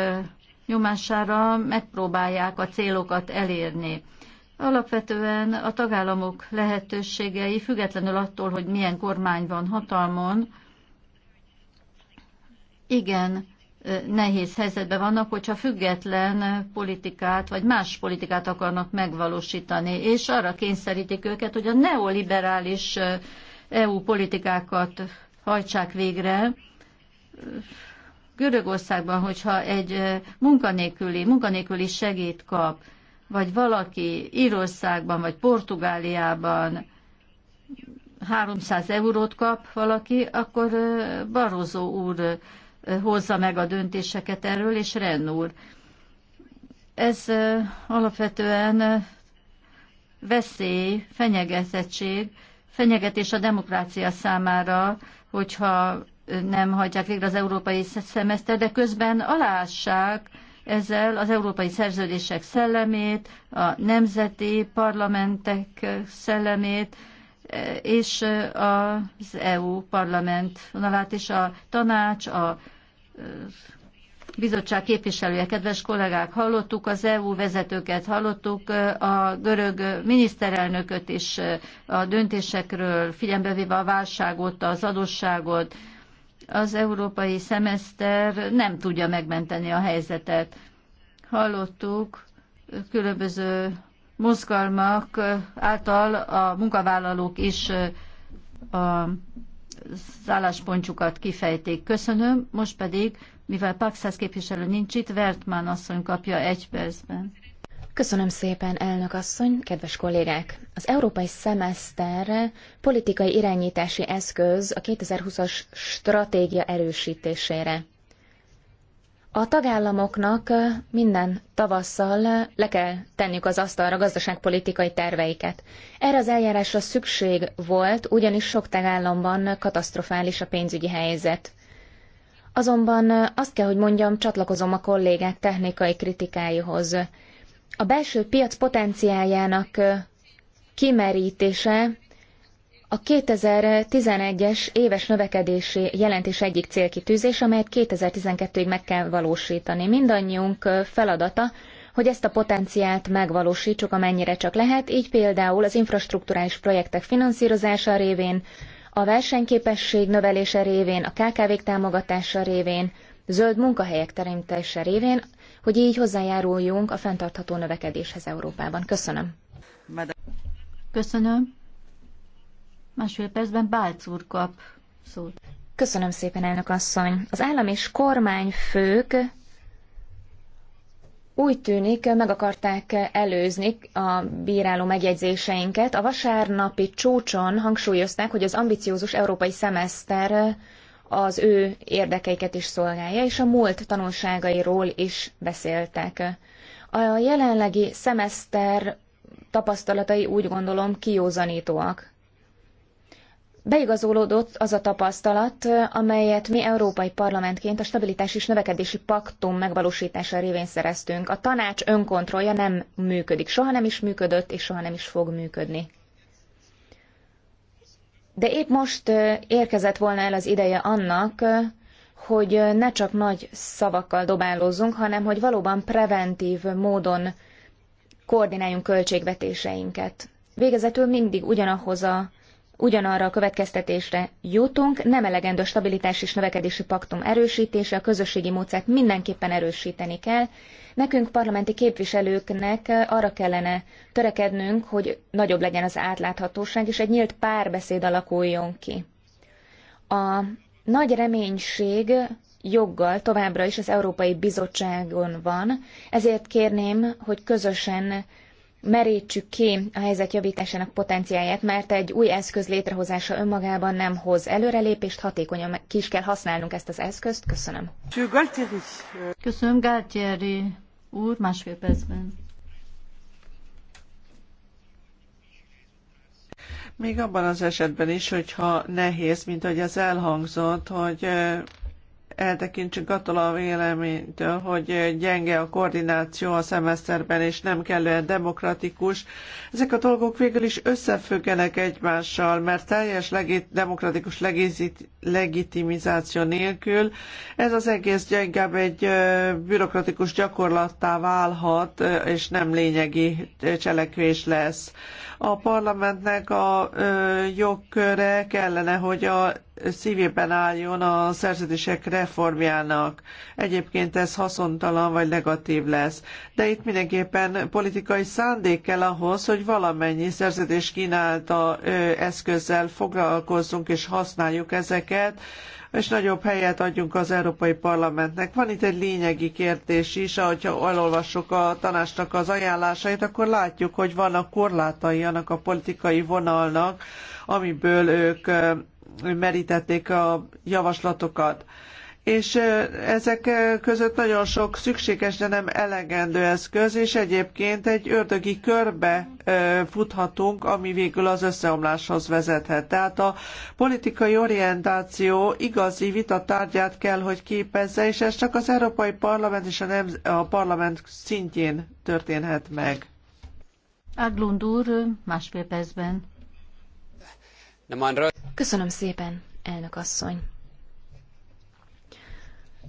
nyomására megpróbálják a célokat elérni. Alapvetően a tagállamok lehetőségei, függetlenül attól, hogy milyen kormány van hatalmon, igen nehéz helyzetben vannak, hogyha független politikát, vagy más politikát akarnak megvalósítani, és arra kényszerítik őket, hogy a neoliberális EU politikákat hajtsák végre. Görögországban, hogyha egy munkanélküli, munkanélküli segít kap, vagy valaki Írországban vagy Portugáliában 300 eurót kap valaki, akkor Barozó úr hozza meg a döntéseket erről, és Renn úr. Ez alapvetően veszély, fenyegetettség, fenyegetés a demokrácia számára, hogyha nem hagyják végre az európai szemeszter, de közben alássák ezzel az európai szerződések szellemét, a nemzeti parlamentek szellemét, és az EU parlament vonalát és a tanács, a bizottság képviselője, kedves kollégák, hallottuk az EU vezetőket, hallottuk a görög miniszterelnököt is a döntésekről, figyelembe véve a válságot, az adósságot, az európai szemeszter nem tudja megmenteni a helyzetet. Hallottuk különböző mozgalmak által a munkavállalók is a álláspontjukat kifejték. Köszönöm, most pedig, mivel Paxász képviselő nincs itt, Vertmán asszony kapja egy percben.
Köszönöm szépen, elnök asszony, kedves kollégák! Az európai szemeszter politikai irányítási eszköz a 2020-as stratégia erősítésére. A tagállamoknak minden tavasszal le kell tenniük az asztalra gazdaságpolitikai terveiket. Erre az eljárásra szükség volt, ugyanis sok tagállamban katasztrofális a pénzügyi helyzet. Azonban azt kell, hogy mondjam, csatlakozom a kollégák technikai kritikáihoz a belső piac potenciáljának kimerítése a 2011-es éves növekedési jelentés egyik célkitűzés, amelyet 2012-ig meg kell valósítani. Mindannyiunk feladata, hogy ezt a potenciált megvalósítsuk, amennyire csak lehet, így például az infrastrukturális projektek finanszírozása révén, a versenyképesség növelése révén, a KKV-k támogatása révén, zöld munkahelyek teremtése révén, hogy így hozzájáruljunk a fenntartható növekedéshez Európában. Köszönöm. Köszönöm. Másfél percben Bálc úr kap szót. Köszönöm szépen, elnök asszony. Az állam és kormányfők úgy tűnik, meg akarták előzni a bíráló megjegyzéseinket. A vasárnapi csúcson hangsúlyozták, hogy az ambiciózus európai szemeszter az ő érdekeiket is szolgálja, és a múlt tanulságairól is beszéltek. A jelenlegi szemeszter tapasztalatai úgy gondolom kiózanítóak. Beigazolódott az a tapasztalat, amelyet mi európai parlamentként a stabilitás és növekedési paktum megvalósítása révén szereztünk. A tanács önkontrollja nem működik, soha nem is működött, és soha nem is fog működni. De épp most érkezett volna el az ideje annak, hogy ne csak nagy szavakkal dobálózzunk, hanem hogy valóban preventív módon koordináljunk költségvetéseinket. Végezetül mindig ugyanahhoz a Ugyanarra a következtetésre jutunk, nem elegendő a stabilitás és növekedési paktum erősítése, a közösségi módszert mindenképpen erősíteni kell. Nekünk parlamenti képviselőknek arra kellene törekednünk, hogy nagyobb legyen az átláthatóság, és egy nyílt párbeszéd alakuljon ki. A nagy reménység joggal továbbra is az Európai Bizottságon van, ezért kérném, hogy közösen merítsük ki a helyzet javításának potenciáját, mert egy új eszköz létrehozása önmagában nem hoz előrelépést, hatékonyan ki is kell használnunk ezt az eszközt. Köszönöm.
Köszönöm, Gáltieri úr, másfél percben.
Még abban az esetben is, hogyha nehéz, mint ahogy az elhangzott, hogy eh, eltekintsünk attól a véleménytől, hogy gyenge a koordináció a szemeszterben, és nem kellően demokratikus. Ezek a dolgok végül is összefüggenek egymással, mert teljes legi- demokratikus legizit- legitimizáció nélkül ez az egész gyengebb egy bürokratikus gyakorlattá válhat, és nem lényegi cselekvés lesz. A parlamentnek a jogköre kellene, hogy a szívében álljon a szerződések reformjának. Egyébként ez haszontalan vagy negatív lesz. De itt mindenképpen politikai szándék kell ahhoz, hogy valamennyi szerződés kínálta eszközzel foglalkozzunk és használjuk ezeket, és nagyobb helyet adjunk az Európai Parlamentnek. Van itt egy lényegi kérdés is, hogyha elolvassuk a tanácsnak az ajánlásait, akkor látjuk, hogy vannak korlátai annak a politikai vonalnak, amiből ők merítették a javaslatokat. És ezek között nagyon sok szükséges, de nem elegendő eszköz, és egyébként egy ördögi körbe futhatunk, ami végül az összeomláshoz vezethet. Tehát a politikai orientáció igazi vita tárgyát kell, hogy képezze, és ez csak az Európai Parlament és a, nem, a parlament szintjén történhet meg.
Aglund úr, másfél percben.
Köszönöm szépen, elnök asszony.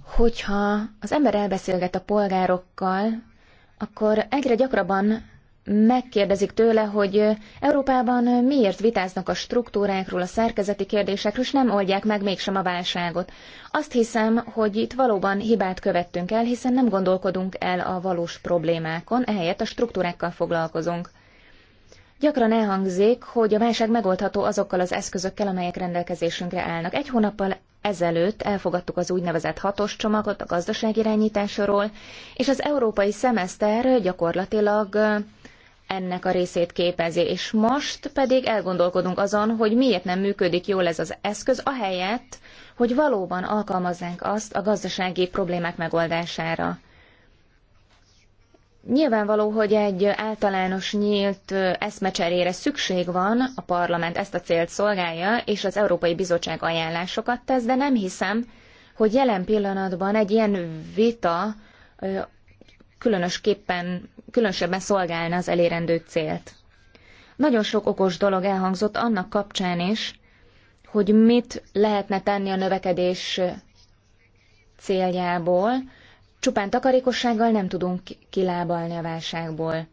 Hogyha az ember elbeszélget a polgárokkal, akkor egyre gyakrabban megkérdezik tőle, hogy Európában miért vitáznak a struktúrákról, a szerkezeti kérdésekről, és nem oldják meg mégsem a válságot. Azt hiszem, hogy itt valóban hibát követtünk el, hiszen nem gondolkodunk el a valós problémákon, ehelyett a struktúrákkal foglalkozunk. Gyakran elhangzik, hogy a válság megoldható azokkal az eszközökkel, amelyek rendelkezésünkre állnak. Egy hónappal ezelőtt elfogadtuk az úgynevezett hatos csomagot a irányításról, és az európai szemeszter gyakorlatilag ennek a részét képezi, és most pedig elgondolkodunk azon, hogy miért nem működik jól ez az eszköz, ahelyett, hogy valóban alkalmaznánk azt a gazdasági problémák megoldására. Nyilvánvaló, hogy egy általános nyílt eszmecserére szükség van, a parlament ezt a célt szolgálja, és az Európai Bizottság ajánlásokat tesz, de nem hiszem, hogy jelen pillanatban egy ilyen vita különösképpen, különösebben szolgálna az elérendő célt. Nagyon sok okos dolog elhangzott annak kapcsán is, hogy mit lehetne tenni a növekedés céljából, Csupán takarékossággal nem tudunk kilábalni a válságból.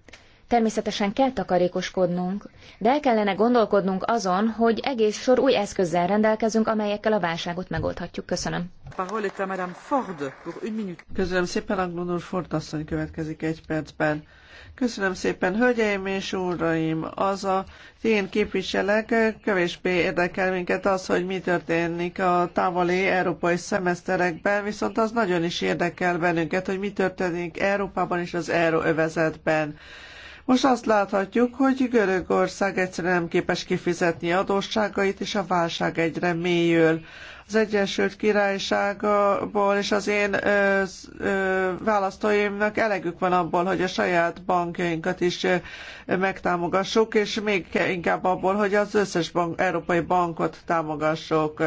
Természetesen kell takarékoskodnunk, de el kellene gondolkodnunk azon, hogy egész sor új eszközzel rendelkezünk, amelyekkel a válságot megoldhatjuk. Köszönöm.
Köszönöm szépen, Anglonul Ford asszony következik egy percben. Köszönöm szépen, hölgyeim és uraim! Az a én képviselek, kevésbé érdekel minket az, hogy mi történik a távoli európai szemeszterekben, viszont az nagyon is érdekel bennünket, hogy mi történik Európában és az euróövezetben. Most azt láthatjuk, hogy Görögország egyszerűen nem képes kifizetni adósságait, és a válság egyre mélyül. Az Egyesült Királyságból és az én ö, ö, választóimnak elegük van abból, hogy a saját bankjainkat is ö, megtámogassuk, és még inkább abból, hogy az összes bank, európai bankot támogassuk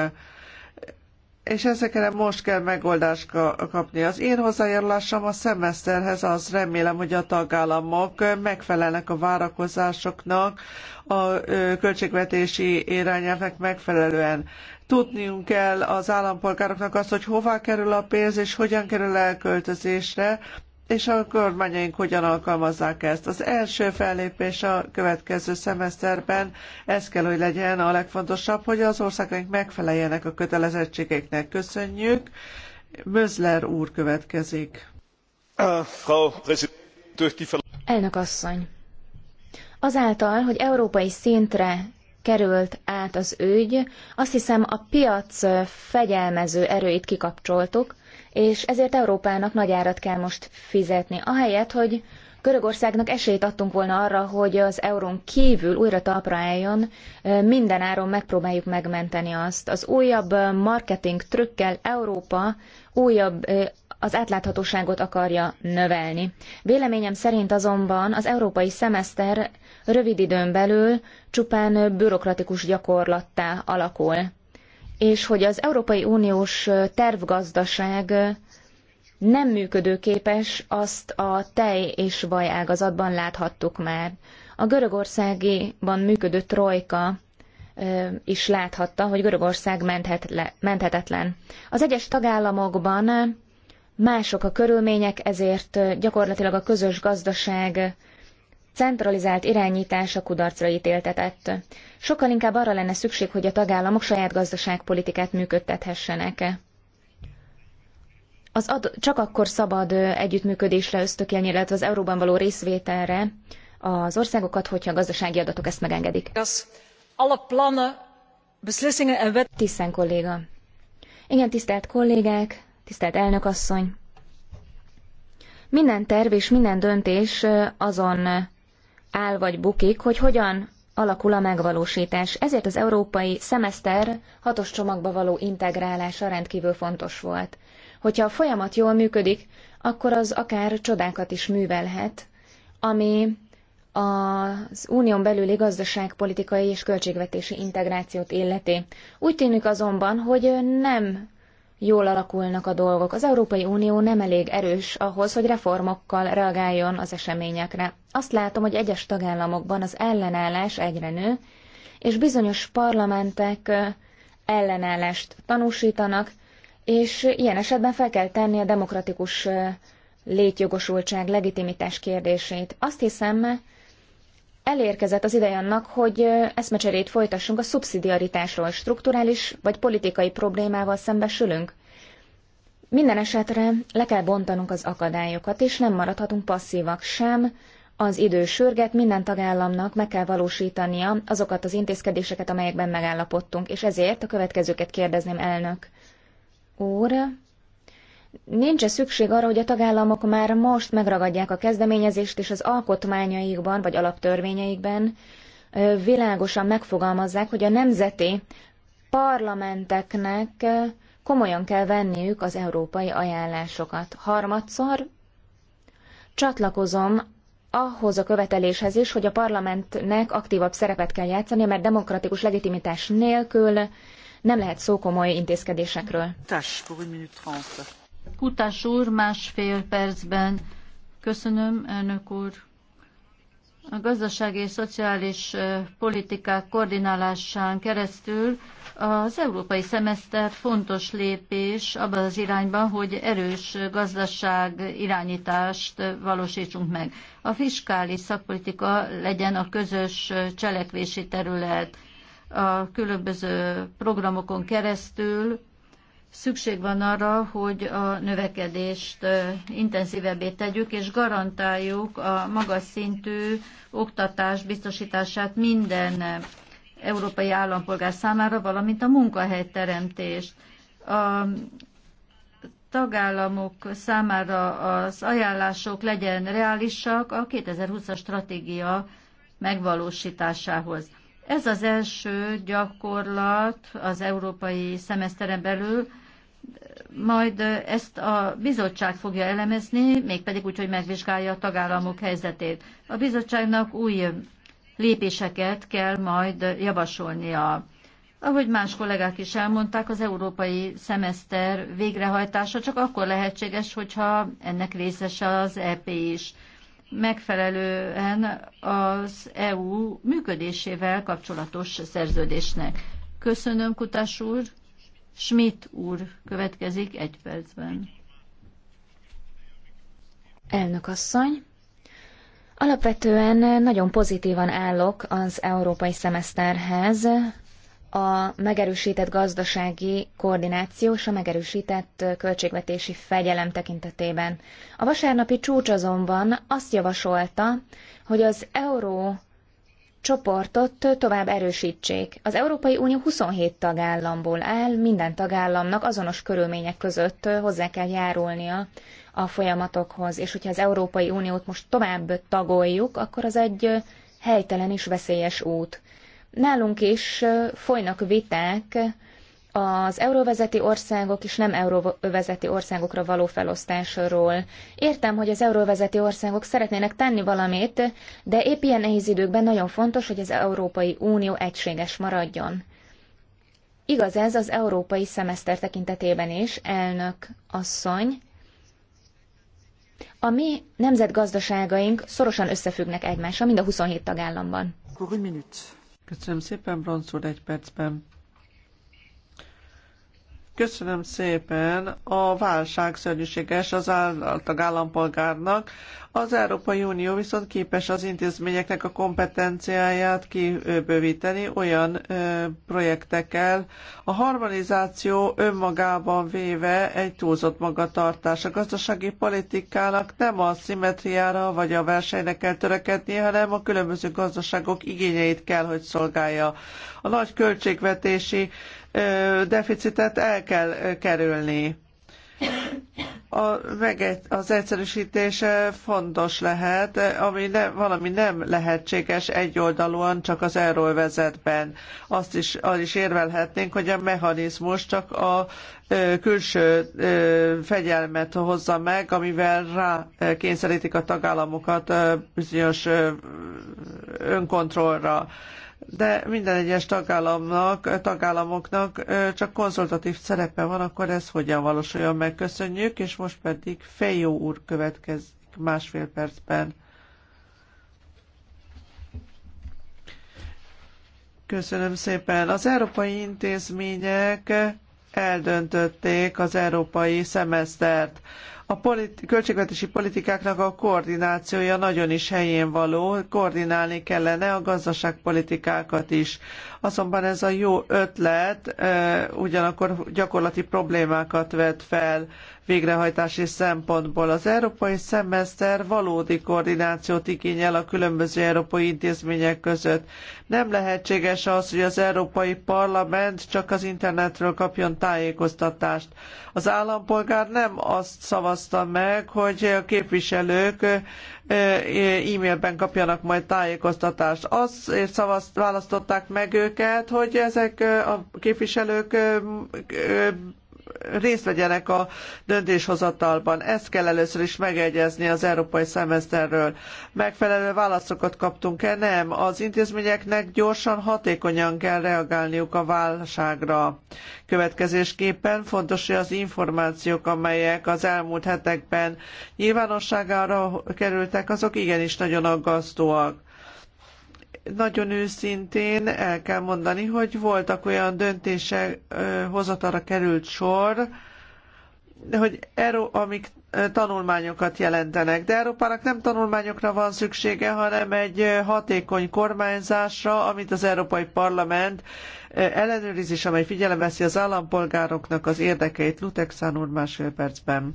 és ezekre most kell megoldást kapni. Az én hozzájárulásom a szemeszterhez az remélem, hogy a tagállamok megfelelnek a várakozásoknak, a költségvetési irányelvnek megfelelően. Tudniunk kell az állampolgároknak azt, hogy hová kerül a pénz, és hogyan kerül elköltözésre, és a kormányaink hogyan alkalmazzák ezt. Az első fellépés a következő szemeszterben, ez kell, hogy legyen a legfontosabb, hogy az országaink megfeleljenek a kötelezettségeiknek. Köszönjük. Mözler úr következik.
Elnök asszony, azáltal, hogy európai szintre került át az ügy, azt hiszem a piac fegyelmező erőit kikapcsoltuk, és ezért Európának nagy árat kell most fizetni. Ahelyett, hogy Görögországnak esélyt adtunk volna arra, hogy az eurón kívül újra talpra álljon, minden áron megpróbáljuk megmenteni azt. Az újabb marketing trükkel Európa újabb az átláthatóságot akarja növelni. Véleményem szerint azonban az európai szemeszter rövid időn belül csupán bürokratikus gyakorlattá alakul és hogy az Európai Uniós tervgazdaság nem működőképes, azt a tej és vaj ágazatban láthattuk már. A görögországiban működő trojka is láthatta, hogy Görögország menthetetlen. Az egyes tagállamokban mások a körülmények, ezért gyakorlatilag a közös gazdaság centralizált irányítása kudarcra ítéltetett. Sokkal inkább arra lenne szükség, hogy a tagállamok saját gazdaságpolitikát működtethessenek. Az ad, csak akkor szabad együttműködésre ösztökélni, illetve az euróban való részvételre az országokat, hogyha a gazdasági adatok ezt megengedik. Tisztán kolléga. Igen, tisztelt kollégák, tisztelt elnök asszony. Minden terv és minden döntés azon áll vagy bukik, hogy hogyan alakul a megvalósítás. Ezért az európai szemeszter hatos csomagba való integrálása rendkívül fontos volt. Hogyha a folyamat jól működik, akkor az akár csodákat is művelhet, ami az unión belüli gazdaságpolitikai és költségvetési integrációt illeti. Úgy tűnik azonban, hogy nem jól alakulnak a dolgok. Az Európai Unió nem elég erős ahhoz, hogy reformokkal reagáljon az eseményekre. Azt látom, hogy egyes tagállamokban az ellenállás egyre nő, és bizonyos parlamentek ellenállást tanúsítanak, és ilyen esetben fel kell tenni a demokratikus létjogosultság legitimitás kérdését. Azt hiszem, elérkezett az ideje annak, hogy eszmecserét folytassunk a szubszidiaritásról, strukturális vagy politikai problémával szembesülünk. Minden esetre le kell bontanunk az akadályokat, és nem maradhatunk passzívak sem, az idő sürget, minden tagállamnak meg kell valósítania azokat az intézkedéseket, amelyekben megállapodtunk, és ezért a következőket kérdezném elnök. Úr, Nincs-e szükség arra, hogy a tagállamok már most megragadják a kezdeményezést, és az alkotmányaikban vagy alaptörvényeikben világosan megfogalmazzák, hogy a nemzeti parlamenteknek komolyan kell venniük az európai ajánlásokat. Harmadszor csatlakozom ahhoz a követeléshez is, hogy a parlamentnek aktívabb szerepet kell játszani, mert demokratikus legitimitás nélkül nem lehet szó komoly intézkedésekről. Tás, 30. Kutás úr másfél percben. Köszönöm, elnök úr.
A gazdasági és szociális politikák koordinálásán keresztül az európai szemeszter fontos lépés abban az irányban, hogy erős gazdaság irányítást valósítsunk meg. A fiskális szakpolitika legyen a közös cselekvési terület a különböző programokon keresztül szükség van arra, hogy a növekedést intenzívebbé tegyük, és garantáljuk a magas szintű oktatás biztosítását minden európai állampolgár számára, valamint a munkahelyteremtést. A tagállamok számára az ajánlások legyen reálisak a 2020-as stratégia megvalósításához. Ez az első gyakorlat az európai szemeszteren belül, majd ezt a bizottság fogja elemezni, mégpedig úgy, hogy megvizsgálja a tagállamok helyzetét. A bizottságnak új lépéseket kell majd javasolnia. Ahogy más kollégák is elmondták, az európai szemeszter végrehajtása csak akkor lehetséges, hogyha ennek részese az EP is. Megfelelően az EU működésével kapcsolatos szerződésnek. Köszönöm, Kutás úr! Schmidt úr következik egy
percben. Elnök asszony, alapvetően nagyon pozitívan állok az európai szemeszterhez, a megerősített gazdasági koordináció és a megerősített költségvetési fegyelem tekintetében. A vasárnapi csúcs azonban azt javasolta, hogy az euró csoportot tovább erősítsék. Az Európai Unió 27 tagállamból áll, minden tagállamnak azonos körülmények között hozzá kell járulnia a folyamatokhoz, és hogyha az Európai Uniót most tovább tagoljuk, akkor az egy helytelen és veszélyes út. Nálunk is folynak viták az euróvezeti országok és nem euróvezeti országokra való felosztásról. Értem, hogy az euróvezeti országok szeretnének tenni valamit, de épp ilyen nehéz időkben nagyon fontos, hogy az Európai Unió egységes maradjon. Igaz ez az európai szemeszter tekintetében is, elnök asszony. A mi nemzetgazdaságaink szorosan összefüggnek egymással, mind a 27 tagállamban.
Köszönöm szépen, Bronz egy percben. Köszönöm szépen. A válság szörnyűséges az általak állampolgárnak. Az Európai Unió viszont képes az intézményeknek a kompetenciáját kibővíteni olyan ö, projektekkel. A harmonizáció önmagában véve egy túlzott magatartás. A gazdasági politikának nem a szimmetriára vagy a versenynek kell törekednie, hanem a különböző gazdaságok igényeit kell, hogy szolgálja. A nagy költségvetési deficitet el kell kerülni. A, meg az egyszerűsítés fontos lehet, ami ne, valami nem lehetséges egyoldalúan csak az erről vezetben. Azt is, az is érvelhetnénk, hogy a mechanizmus csak a ö, külső ö, fegyelmet hozza meg, amivel rá kényszerítik a tagállamokat ö, bizonyos ö, önkontrollra. Ö, de minden egyes tagállamnak, tagállamoknak csak konzultatív szerepe van, akkor ez hogyan valósuljon meg. Köszönjük, és most pedig Fejó úr következik másfél percben. Köszönöm szépen. Az európai intézmények eldöntötték az európai szemesztert. A politi- költségvetési politikáknak a koordinációja nagyon is helyén való, koordinálni kellene a gazdaságpolitikákat is. Azonban ez a jó ötlet ugyanakkor gyakorlati problémákat vet fel végrehajtási szempontból. Az európai szemeszter valódi koordinációt igényel a különböző európai intézmények között. Nem lehetséges az, hogy az Európai Parlament csak az internetről kapjon tájékoztatást. Az állampolgár nem azt szavazta meg, hogy a képviselők e-mailben kapjanak majd tájékoztatást. Azt szavazt, választották meg ők, őket, hogy ezek a képviselők részt vegyenek a döntéshozatalban. Ezt kell először is megegyezni az európai szemeszterről. Megfelelő válaszokat kaptunk-e? Nem. Az intézményeknek gyorsan, hatékonyan kell reagálniuk a válságra. Következésképpen fontos, hogy az információk, amelyek az elmúlt hetekben nyilvánosságára kerültek, azok igenis nagyon aggasztóak nagyon őszintén el kell mondani, hogy voltak olyan döntések, hozatalra került sor, hogy Euró, amik tanulmányokat jelentenek. De Európának nem tanulmányokra van szüksége, hanem egy hatékony kormányzásra, amit az Európai Parlament ellenőriz, és amely veszi az állampolgároknak az érdekeit. Lutexán úr másfél percben.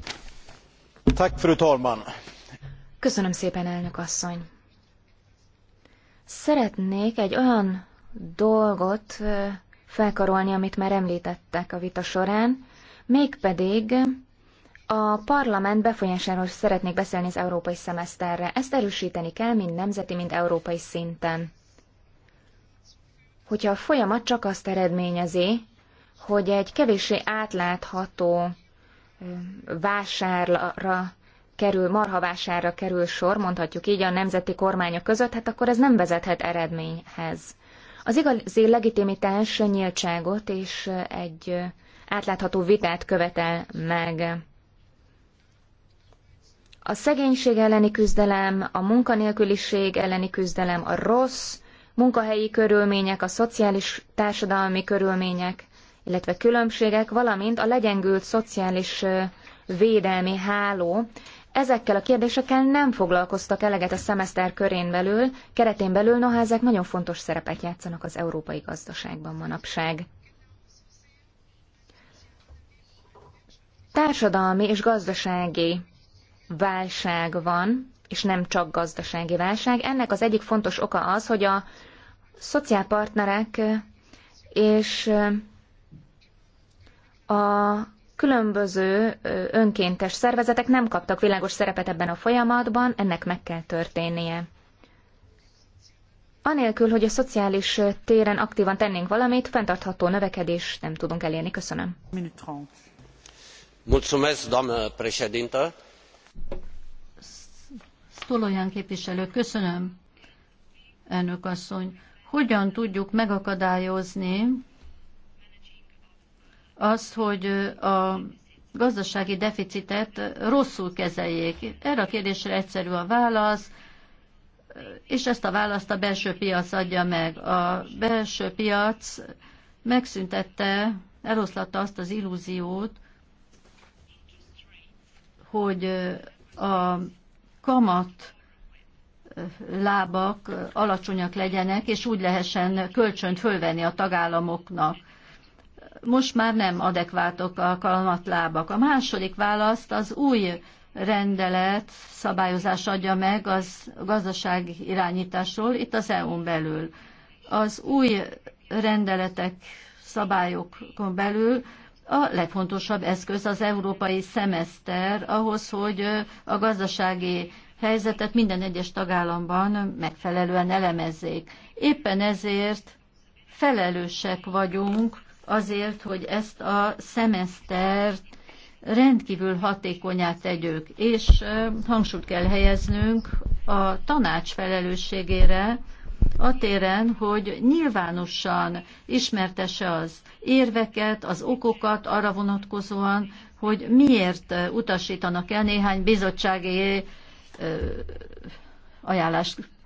Köszönöm szépen, elnök asszony. Szeretnék egy olyan dolgot felkarolni, amit már említettek a vita során, mégpedig a parlament befolyásáról szeretnék beszélni az európai szemeszterre. Ezt erősíteni kell mind nemzeti, mind európai szinten. Hogyha a folyamat csak azt eredményezi, hogy egy kevéssé átlátható vásárra kerül, marhavására kerül sor, mondhatjuk így, a nemzeti kormányok között, hát akkor ez nem vezethet eredményhez. Az igazi legitimitás nyíltságot és egy átlátható vitát követel meg. A szegénység elleni küzdelem, a munkanélküliség elleni küzdelem, a rossz munkahelyi körülmények, a szociális társadalmi körülmények, illetve különbségek, valamint a legyengült szociális védelmi háló Ezekkel a kérdésekkel nem foglalkoztak eleget a szemeszter körén belül, keretén belül, noha ezek nagyon fontos szerepet játszanak az európai gazdaságban manapság. Társadalmi és gazdasági válság van, és nem csak gazdasági válság. Ennek az egyik fontos oka az, hogy a szociálpartnerek és a különböző önkéntes szervezetek nem kaptak világos szerepet ebben a folyamatban, ennek meg kell történnie. Anélkül, hogy a szociális téren aktívan tennénk valamit, fenntartható növekedés nem tudunk elérni. Köszönöm.
Mulțumesc, doamnă președintă.
Stolojan képviselő,
köszönöm, elnök asszony. Hogyan tudjuk megakadályozni az, hogy a gazdasági deficitet rosszul kezeljék. Erre a kérdésre egyszerű a válasz, és ezt a választ a belső piac adja meg. A belső piac megszüntette, eloszlatta azt az illúziót, hogy a kamat lábak alacsonyak legyenek, és úgy lehessen kölcsönt fölvenni a tagállamoknak most már nem adekvátok a kalmatlábak. A második választ az új rendelet szabályozás adja meg az gazdaság irányításról itt az EU-n belül. Az új rendeletek szabályokon belül a legfontosabb eszköz az európai szemeszter ahhoz, hogy a gazdasági helyzetet minden egyes tagállamban megfelelően elemezzék. Éppen ezért felelősek vagyunk azért, hogy ezt a szemesztert rendkívül hatékonyá tegyük, és hangsúlyt kell helyeznünk a tanács felelősségére, a téren, hogy nyilvánosan ismertesse az érveket, az okokat arra vonatkozóan, hogy miért utasítanak el néhány bizottsági ajánlást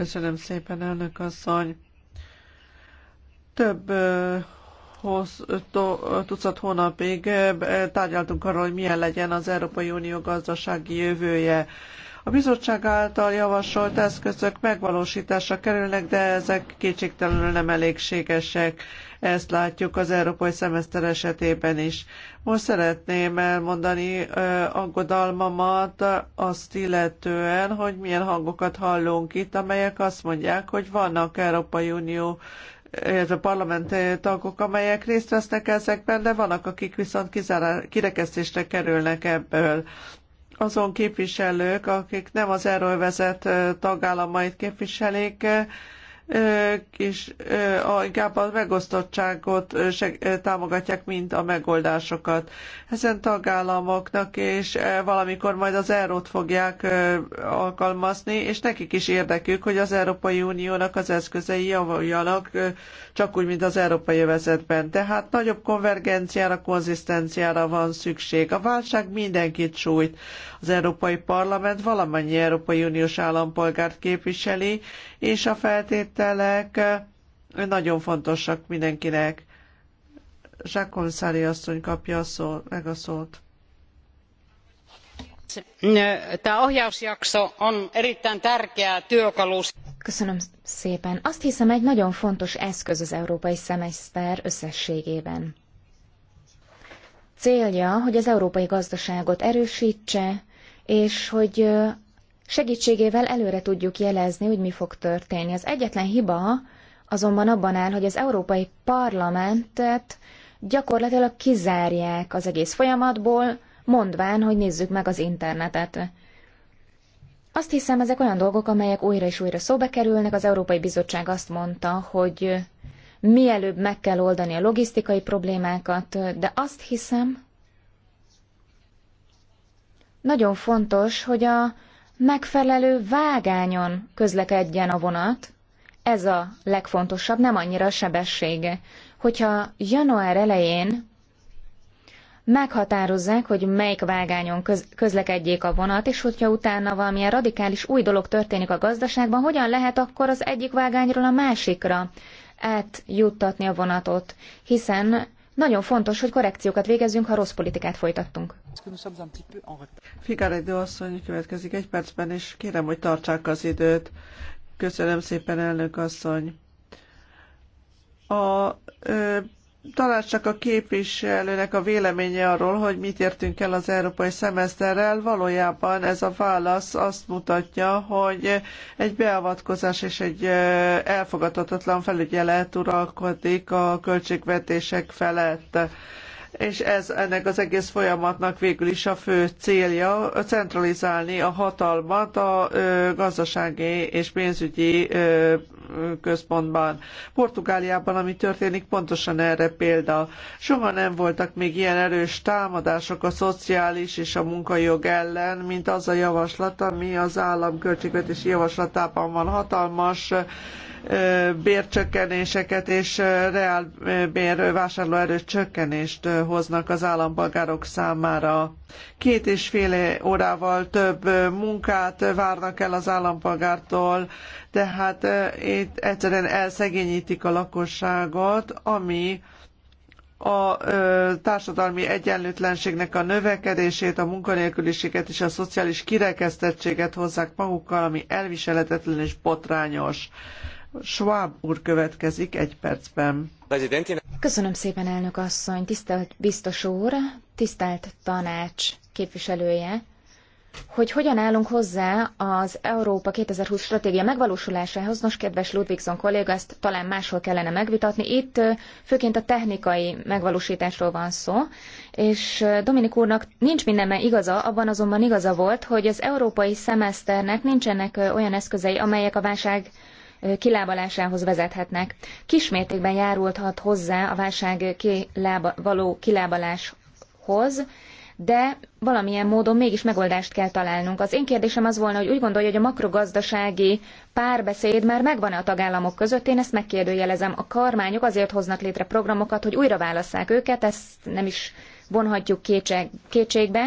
Köszönöm szépen, elnök asszony. Több hossz, to, tucat hónapig tárgyaltunk arról, hogy milyen legyen az Európai Unió gazdasági jövője a bizottság által javasolt eszközök megvalósításra kerülnek, de ezek kétségtelenül nem elégségesek. Ezt látjuk az európai szemeszter esetében is. Most szeretném elmondani aggodalmamat azt illetően, hogy milyen hangokat hallunk itt, amelyek azt mondják, hogy vannak Európai Unió illetve parlamenti tagok, amelyek részt vesznek ezekben, de vannak, akik viszont kirekesztésre kerülnek ebből azon képviselők, akik nem az erővezet tagállamait képviselik, és a, inkább a megosztottságot támogatják, mint a megoldásokat. Ezen tagállamoknak, és valamikor majd az eurót fogják alkalmazni, és nekik is érdekük, hogy az Európai Uniónak az eszközei javuljanak, csak úgy, mint az Európai Övezetben. Tehát nagyobb konvergenciára, konzisztenciára van szükség. A válság mindenkit sújt. Az Európai Parlament valamennyi Európai Uniós állampolgárt képviseli, és a feltétel tételek nagyon fontosak mindenkinek. Zsákon Szári asszony kapja a szó, meg a szót.
Tämä ohjausjakso on erittäin tärkeä työkalu.
Köszönöm szépen. Azt hiszem, egy nagyon fontos eszköz az európai szemeszter összességében. Célja, hogy az európai gazdaságot erősítse, és hogy segítségével előre tudjuk jelezni, hogy mi fog történni. Az egyetlen hiba azonban abban áll, hogy az Európai Parlamentet gyakorlatilag kizárják az egész folyamatból, mondván, hogy nézzük meg az internetet. Azt hiszem, ezek olyan dolgok, amelyek újra és újra szóba kerülnek. Az Európai Bizottság azt mondta, hogy mielőbb meg kell oldani a logisztikai problémákat, de azt hiszem, nagyon fontos, hogy a megfelelő vágányon közlekedjen a vonat, ez a legfontosabb, nem annyira a sebessége. Hogyha január elején meghatározzák, hogy melyik vágányon köz- közlekedjék a vonat, és hogyha utána valamilyen radikális új dolog történik a gazdaságban, hogyan lehet akkor az egyik vágányról a másikra átjuttatni a vonatot, hiszen nagyon fontos, hogy korrekciókat végezzünk, ha rossz politikát folytattunk.
Figaredő asszony következik egy percben, és kérem, hogy tartsák az időt. Köszönöm szépen, elnök asszony. A ö, talán csak a képviselőnek a véleménye arról, hogy mit értünk el az európai szemeszterrel. Valójában ez a válasz azt mutatja, hogy egy beavatkozás és egy elfogadhatatlan felügyelet uralkodik a költségvetések felett és ez ennek az egész folyamatnak végül is a fő célja centralizálni a hatalmat a gazdasági és pénzügyi központban. Portugáliában, ami történik, pontosan erre példa. Soha nem voltak még ilyen erős támadások a szociális és a munkajog ellen, mint az a javaslat, ami az állam költségvetési javaslatában van hatalmas, bércsökkenéseket és reálbér vásárlóerő csökkenést hoznak az állampolgárok számára. Két és fél órával több munkát várnak el az állampolgártól, tehát itt egyszerűen elszegényítik a lakosságot, ami a társadalmi egyenlőtlenségnek a növekedését, a munkanélküliséget és a szociális kirekesztettséget hozzák magukkal, ami elviselhetetlen és botrányos. Schwab úr következik egy percben.
Köszönöm szépen, elnök asszony, tisztelt biztos úr, tisztelt tanács képviselője, hogy hogyan állunk hozzá az Európa 2020 stratégia megvalósulásához. Nos, kedves Ludvigson kolléga, ezt talán máshol kellene megvitatni. Itt főként a technikai megvalósításról van szó, és Dominik úrnak nincs mindenben igaza, abban azonban igaza volt, hogy az európai szemeszternek nincsenek olyan eszközei, amelyek a válság kilábalásához vezethetnek. Kismértékben járulhat hozzá a válság kilába, való kilábaláshoz, de valamilyen módon mégis megoldást kell találnunk. Az én kérdésem az volna, hogy úgy gondolja, hogy a makrogazdasági párbeszéd már megvan-e a tagállamok között, én ezt megkérdőjelezem. A kormányok azért hoznak létre programokat, hogy újra válasszák őket, ezt nem is vonhatjuk kétség, kétségbe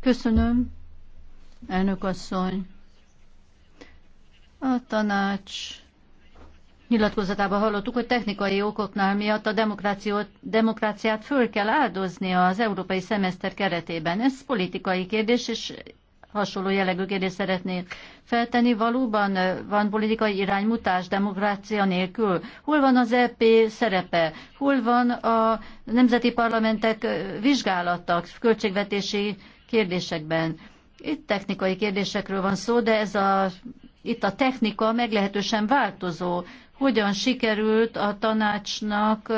Köszönöm, elnök asszony. A tanács nyilatkozatában hallottuk, hogy technikai okoknál miatt a demokráciát föl kell áldoznia az európai szemeszter keretében. Ez politikai kérdés, és hasonló jellegű kérdést szeretnék feltenni. Valóban van politikai iránymutás demokrácia nélkül? Hol van az EP szerepe? Hol van a nemzeti parlamentek vizsgálata költségvetési kérdésekben? Itt technikai kérdésekről van szó, de ez a, itt a technika meglehetősen változó. Hogyan sikerült a tanácsnak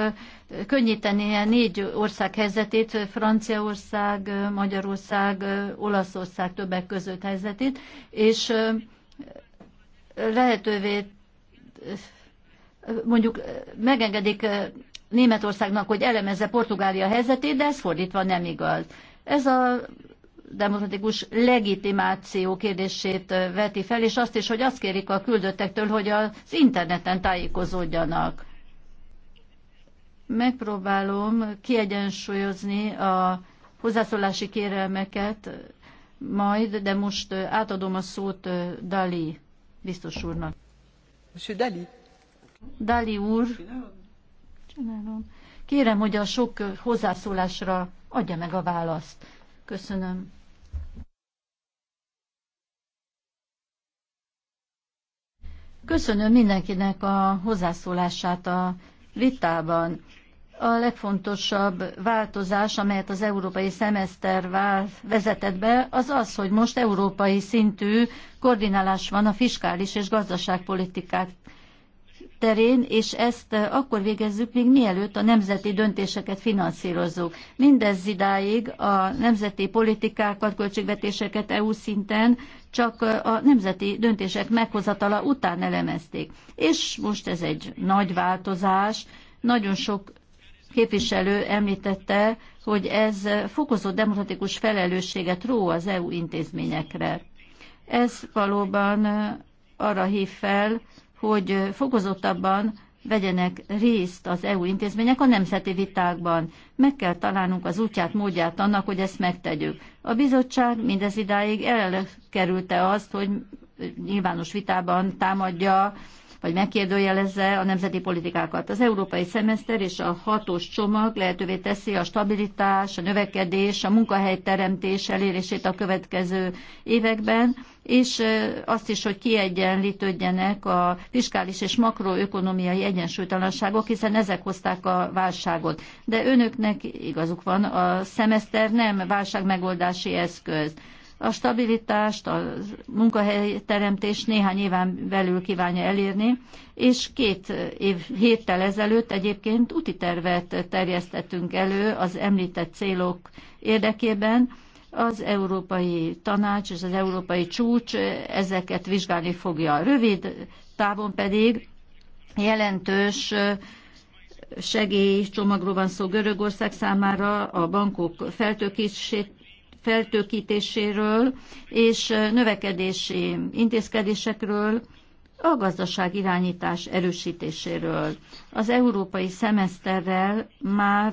könnyíteni a négy ország helyzetét, Franciaország, Magyarország, Olaszország többek között helyzetét, és lehetővé mondjuk megengedik Németországnak, hogy elemezze Portugália helyzetét, de ez fordítva nem igaz. Ez a demokratikus legitimáció kérdését veti fel, és azt is, hogy azt kérik a küldöttektől, hogy az interneten tájékozódjanak megpróbálom kiegyensúlyozni a hozzászólási kérelmeket majd, de most átadom a szót Dali biztos úrnak. Monsieur Dali. Dali úr. Csinálom. Kérem, hogy a sok hozzászólásra adja meg a választ. Köszönöm. Köszönöm mindenkinek a hozzászólását a vitában. A legfontosabb változás, amelyet az európai szemeszter vezetett be, az az, hogy most európai szintű koordinálás van a fiskális és gazdaságpolitikák terén, és ezt eh, akkor végezzük még mielőtt a nemzeti döntéseket finanszírozzuk. Mindez idáig a nemzeti politikákat, költségvetéseket EU szinten csak eh, a nemzeti döntések meghozatala után elemezték. És most ez egy nagy változás, nagyon sok képviselő említette, hogy ez eh, fokozó demokratikus felelősséget ró az EU intézményekre. Ez valóban arra hív fel, hogy fokozottabban vegyenek részt az EU intézmények a nemzeti vitákban. Meg kell találnunk az útját, módját annak, hogy ezt megtegyük. A bizottság mindez idáig elkerülte azt, hogy nyilvános vitában támadja vagy megkérdőjelezze a nemzeti politikákat. Az európai szemeszter és a hatós csomag lehetővé teszi a stabilitás, a növekedés, a munkahelyteremtés elérését a következő években, és azt is, hogy kiegyenlítődjenek a fiskális és makroökonomiai egyensúlytalanságok, hiszen ezek hozták a válságot. De önöknek igazuk van, a szemeszter nem válságmegoldási eszköz. A stabilitást, a munkahelyteremtést néhány éven belül kívánja elérni, és két év, héttel ezelőtt egyébként úti tervet terjesztettünk elő az említett célok érdekében, az Európai Tanács és az Európai Csúcs ezeket vizsgálni fogja. Rövid távon pedig jelentős segélycsomagról van szó Görögország számára, a bankok feltökését feltőkítéséről és növekedési intézkedésekről, a gazdaság irányítás erősítéséről. Az európai szemeszterrel már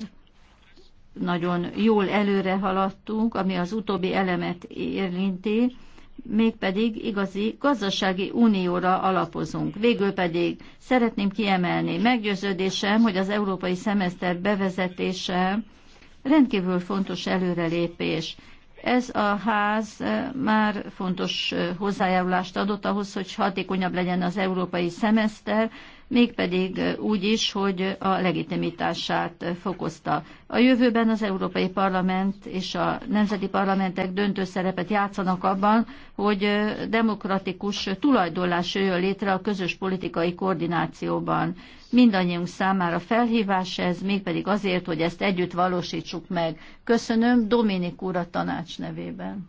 nagyon jól előre haladtunk, ami az utóbbi elemet érinti, mégpedig igazi gazdasági unióra alapozunk. Végül pedig szeretném kiemelni meggyőződésem, hogy az európai szemeszter bevezetése rendkívül fontos előrelépés, ez a ház eh, már fontos eh, hozzájárulást adott ahhoz, hogy hatékonyabb legyen az európai szemeszter, mégpedig úgy is, hogy a legitimitását fokozta. A jövőben az Európai Parlament és a nemzeti parlamentek döntő szerepet játszanak abban, hogy demokratikus tulajdonlás jöjjön létre a közös politikai koordinációban. Mindannyiunk számára felhívás ez, mégpedig azért, hogy ezt együtt valósítsuk meg. Köszönöm Dominik úr a tanács nevében.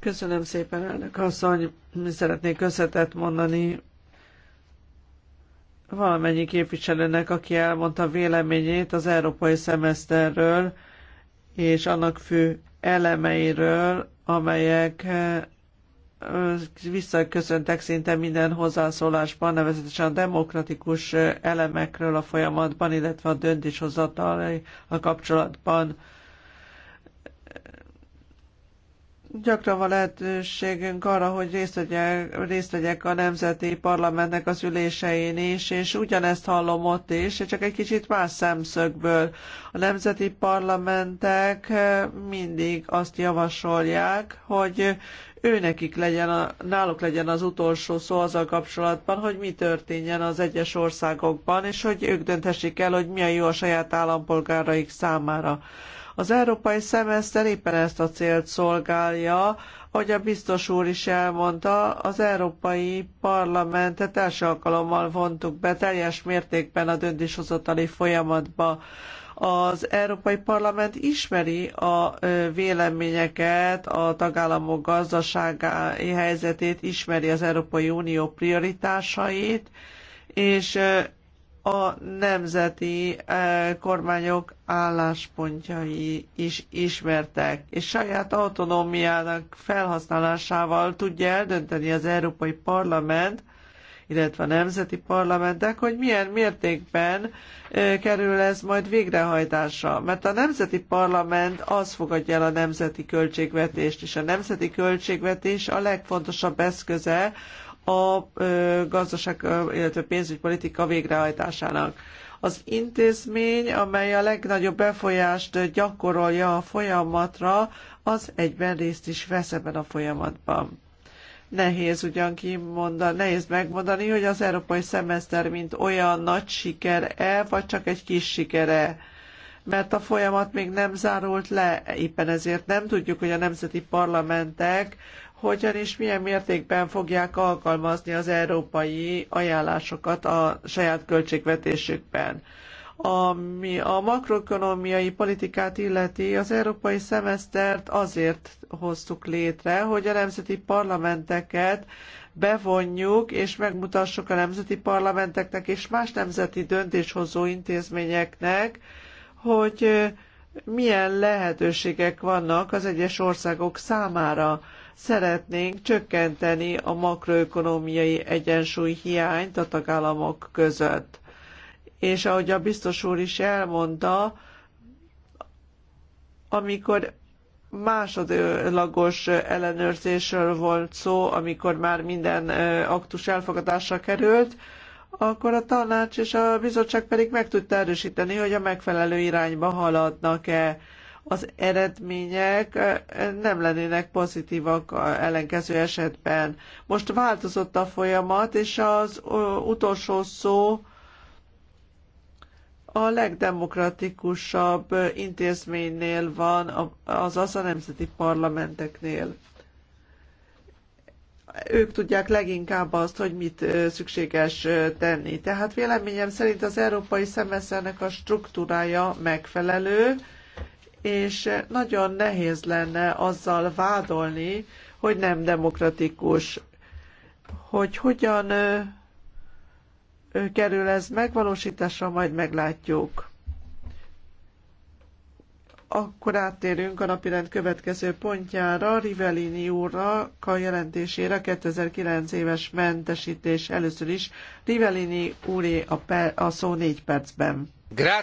Köszönöm szépen, elnök
asszony. Szeretnék összetett mondani valamennyi képviselőnek, aki elmondta véleményét az európai szemeszterről és annak fő elemeiről, amelyek visszaköszöntek szinte minden hozzászólásban, nevezetesen a demokratikus elemekről a folyamatban, illetve a döntéshozatali a kapcsolatban gyakran van lehetőségünk arra, hogy részt vegyek, részt vegyek a Nemzeti Parlamentnek az ülésein is, és ugyanezt hallom ott is, csak egy kicsit más szemszögből. A Nemzeti Parlamentek eh, mindig azt javasolják, hogy őnekik legyen, a, náluk legyen az utolsó szó azzal kapcsolatban, hogy mi történjen az egyes országokban, és hogy ők dönthessék el, hogy mi a jó a saját állampolgáraik számára. Az európai szemeszter éppen ezt a célt szolgálja, ahogy a biztos úr is elmondta, az Európai Parlamentet első alkalommal vontuk be teljes mértékben a döntéshozatali folyamatba az Európai Parlament ismeri a véleményeket, a tagállamok gazdasági helyzetét, ismeri az Európai Unió prioritásait, és a nemzeti eh, kormányok álláspontjai is ismertek, és saját autonómiának felhasználásával tudja eldönteni az Európai Parlament, illetve a nemzeti parlamentek, hogy milyen mértékben eh, kerül ez majd végrehajtásra. Mert a nemzeti parlament az fogadja el a nemzeti költségvetést, és a nemzeti költségvetés a legfontosabb eszköze a gazdaság, illetve pénzügypolitika végrehajtásának. Az intézmény, amely a legnagyobb befolyást gyakorolja a folyamatra, az egyben részt is vesz ebben a folyamatban nehéz ugyan kimondani, nehéz megmondani, hogy az európai szemeszter mint olyan nagy sikere, vagy csak egy kis sikere. Mert a folyamat még nem zárult le, éppen ezért nem tudjuk, hogy a nemzeti parlamentek hogyan és milyen mértékben fogják alkalmazni az európai ajánlásokat a saját költségvetésükben. Ami a makroekonomiai politikát illeti, az európai szemesztert azért hoztuk létre, hogy a nemzeti parlamenteket bevonjuk és megmutassuk a nemzeti parlamenteknek és más nemzeti döntéshozó intézményeknek, hogy milyen lehetőségek vannak az egyes országok számára szeretnénk csökkenteni a makroökonomiai egyensúly hiányt a tagállamok között. És ahogy a biztos úr is elmondta, amikor másodlagos ellenőrzésről volt szó, amikor már minden aktus elfogadásra került, akkor a tanács és a bizottság pedig meg tudta erősíteni, hogy a megfelelő irányba haladnak-e az eredmények nem lennének pozitívak ellenkező esetben. Most változott a folyamat, és az utolsó szó a legdemokratikusabb intézménynél van, azaz a nemzeti parlamenteknél. Ők tudják leginkább azt, hogy mit szükséges tenni. Tehát véleményem szerint az európai szemeszernek a struktúrája megfelelő, és nagyon nehéz lenne azzal vádolni, hogy nem demokratikus, hogy hogyan kerül ez megvalósításra, majd meglátjuk. Akkor áttérünk a napirend következő pontjára, Rivellini úrnak a jelentésére 2009 éves mentesítés először is. Rivellini úré a, per, a szó négy percben.
Grazie.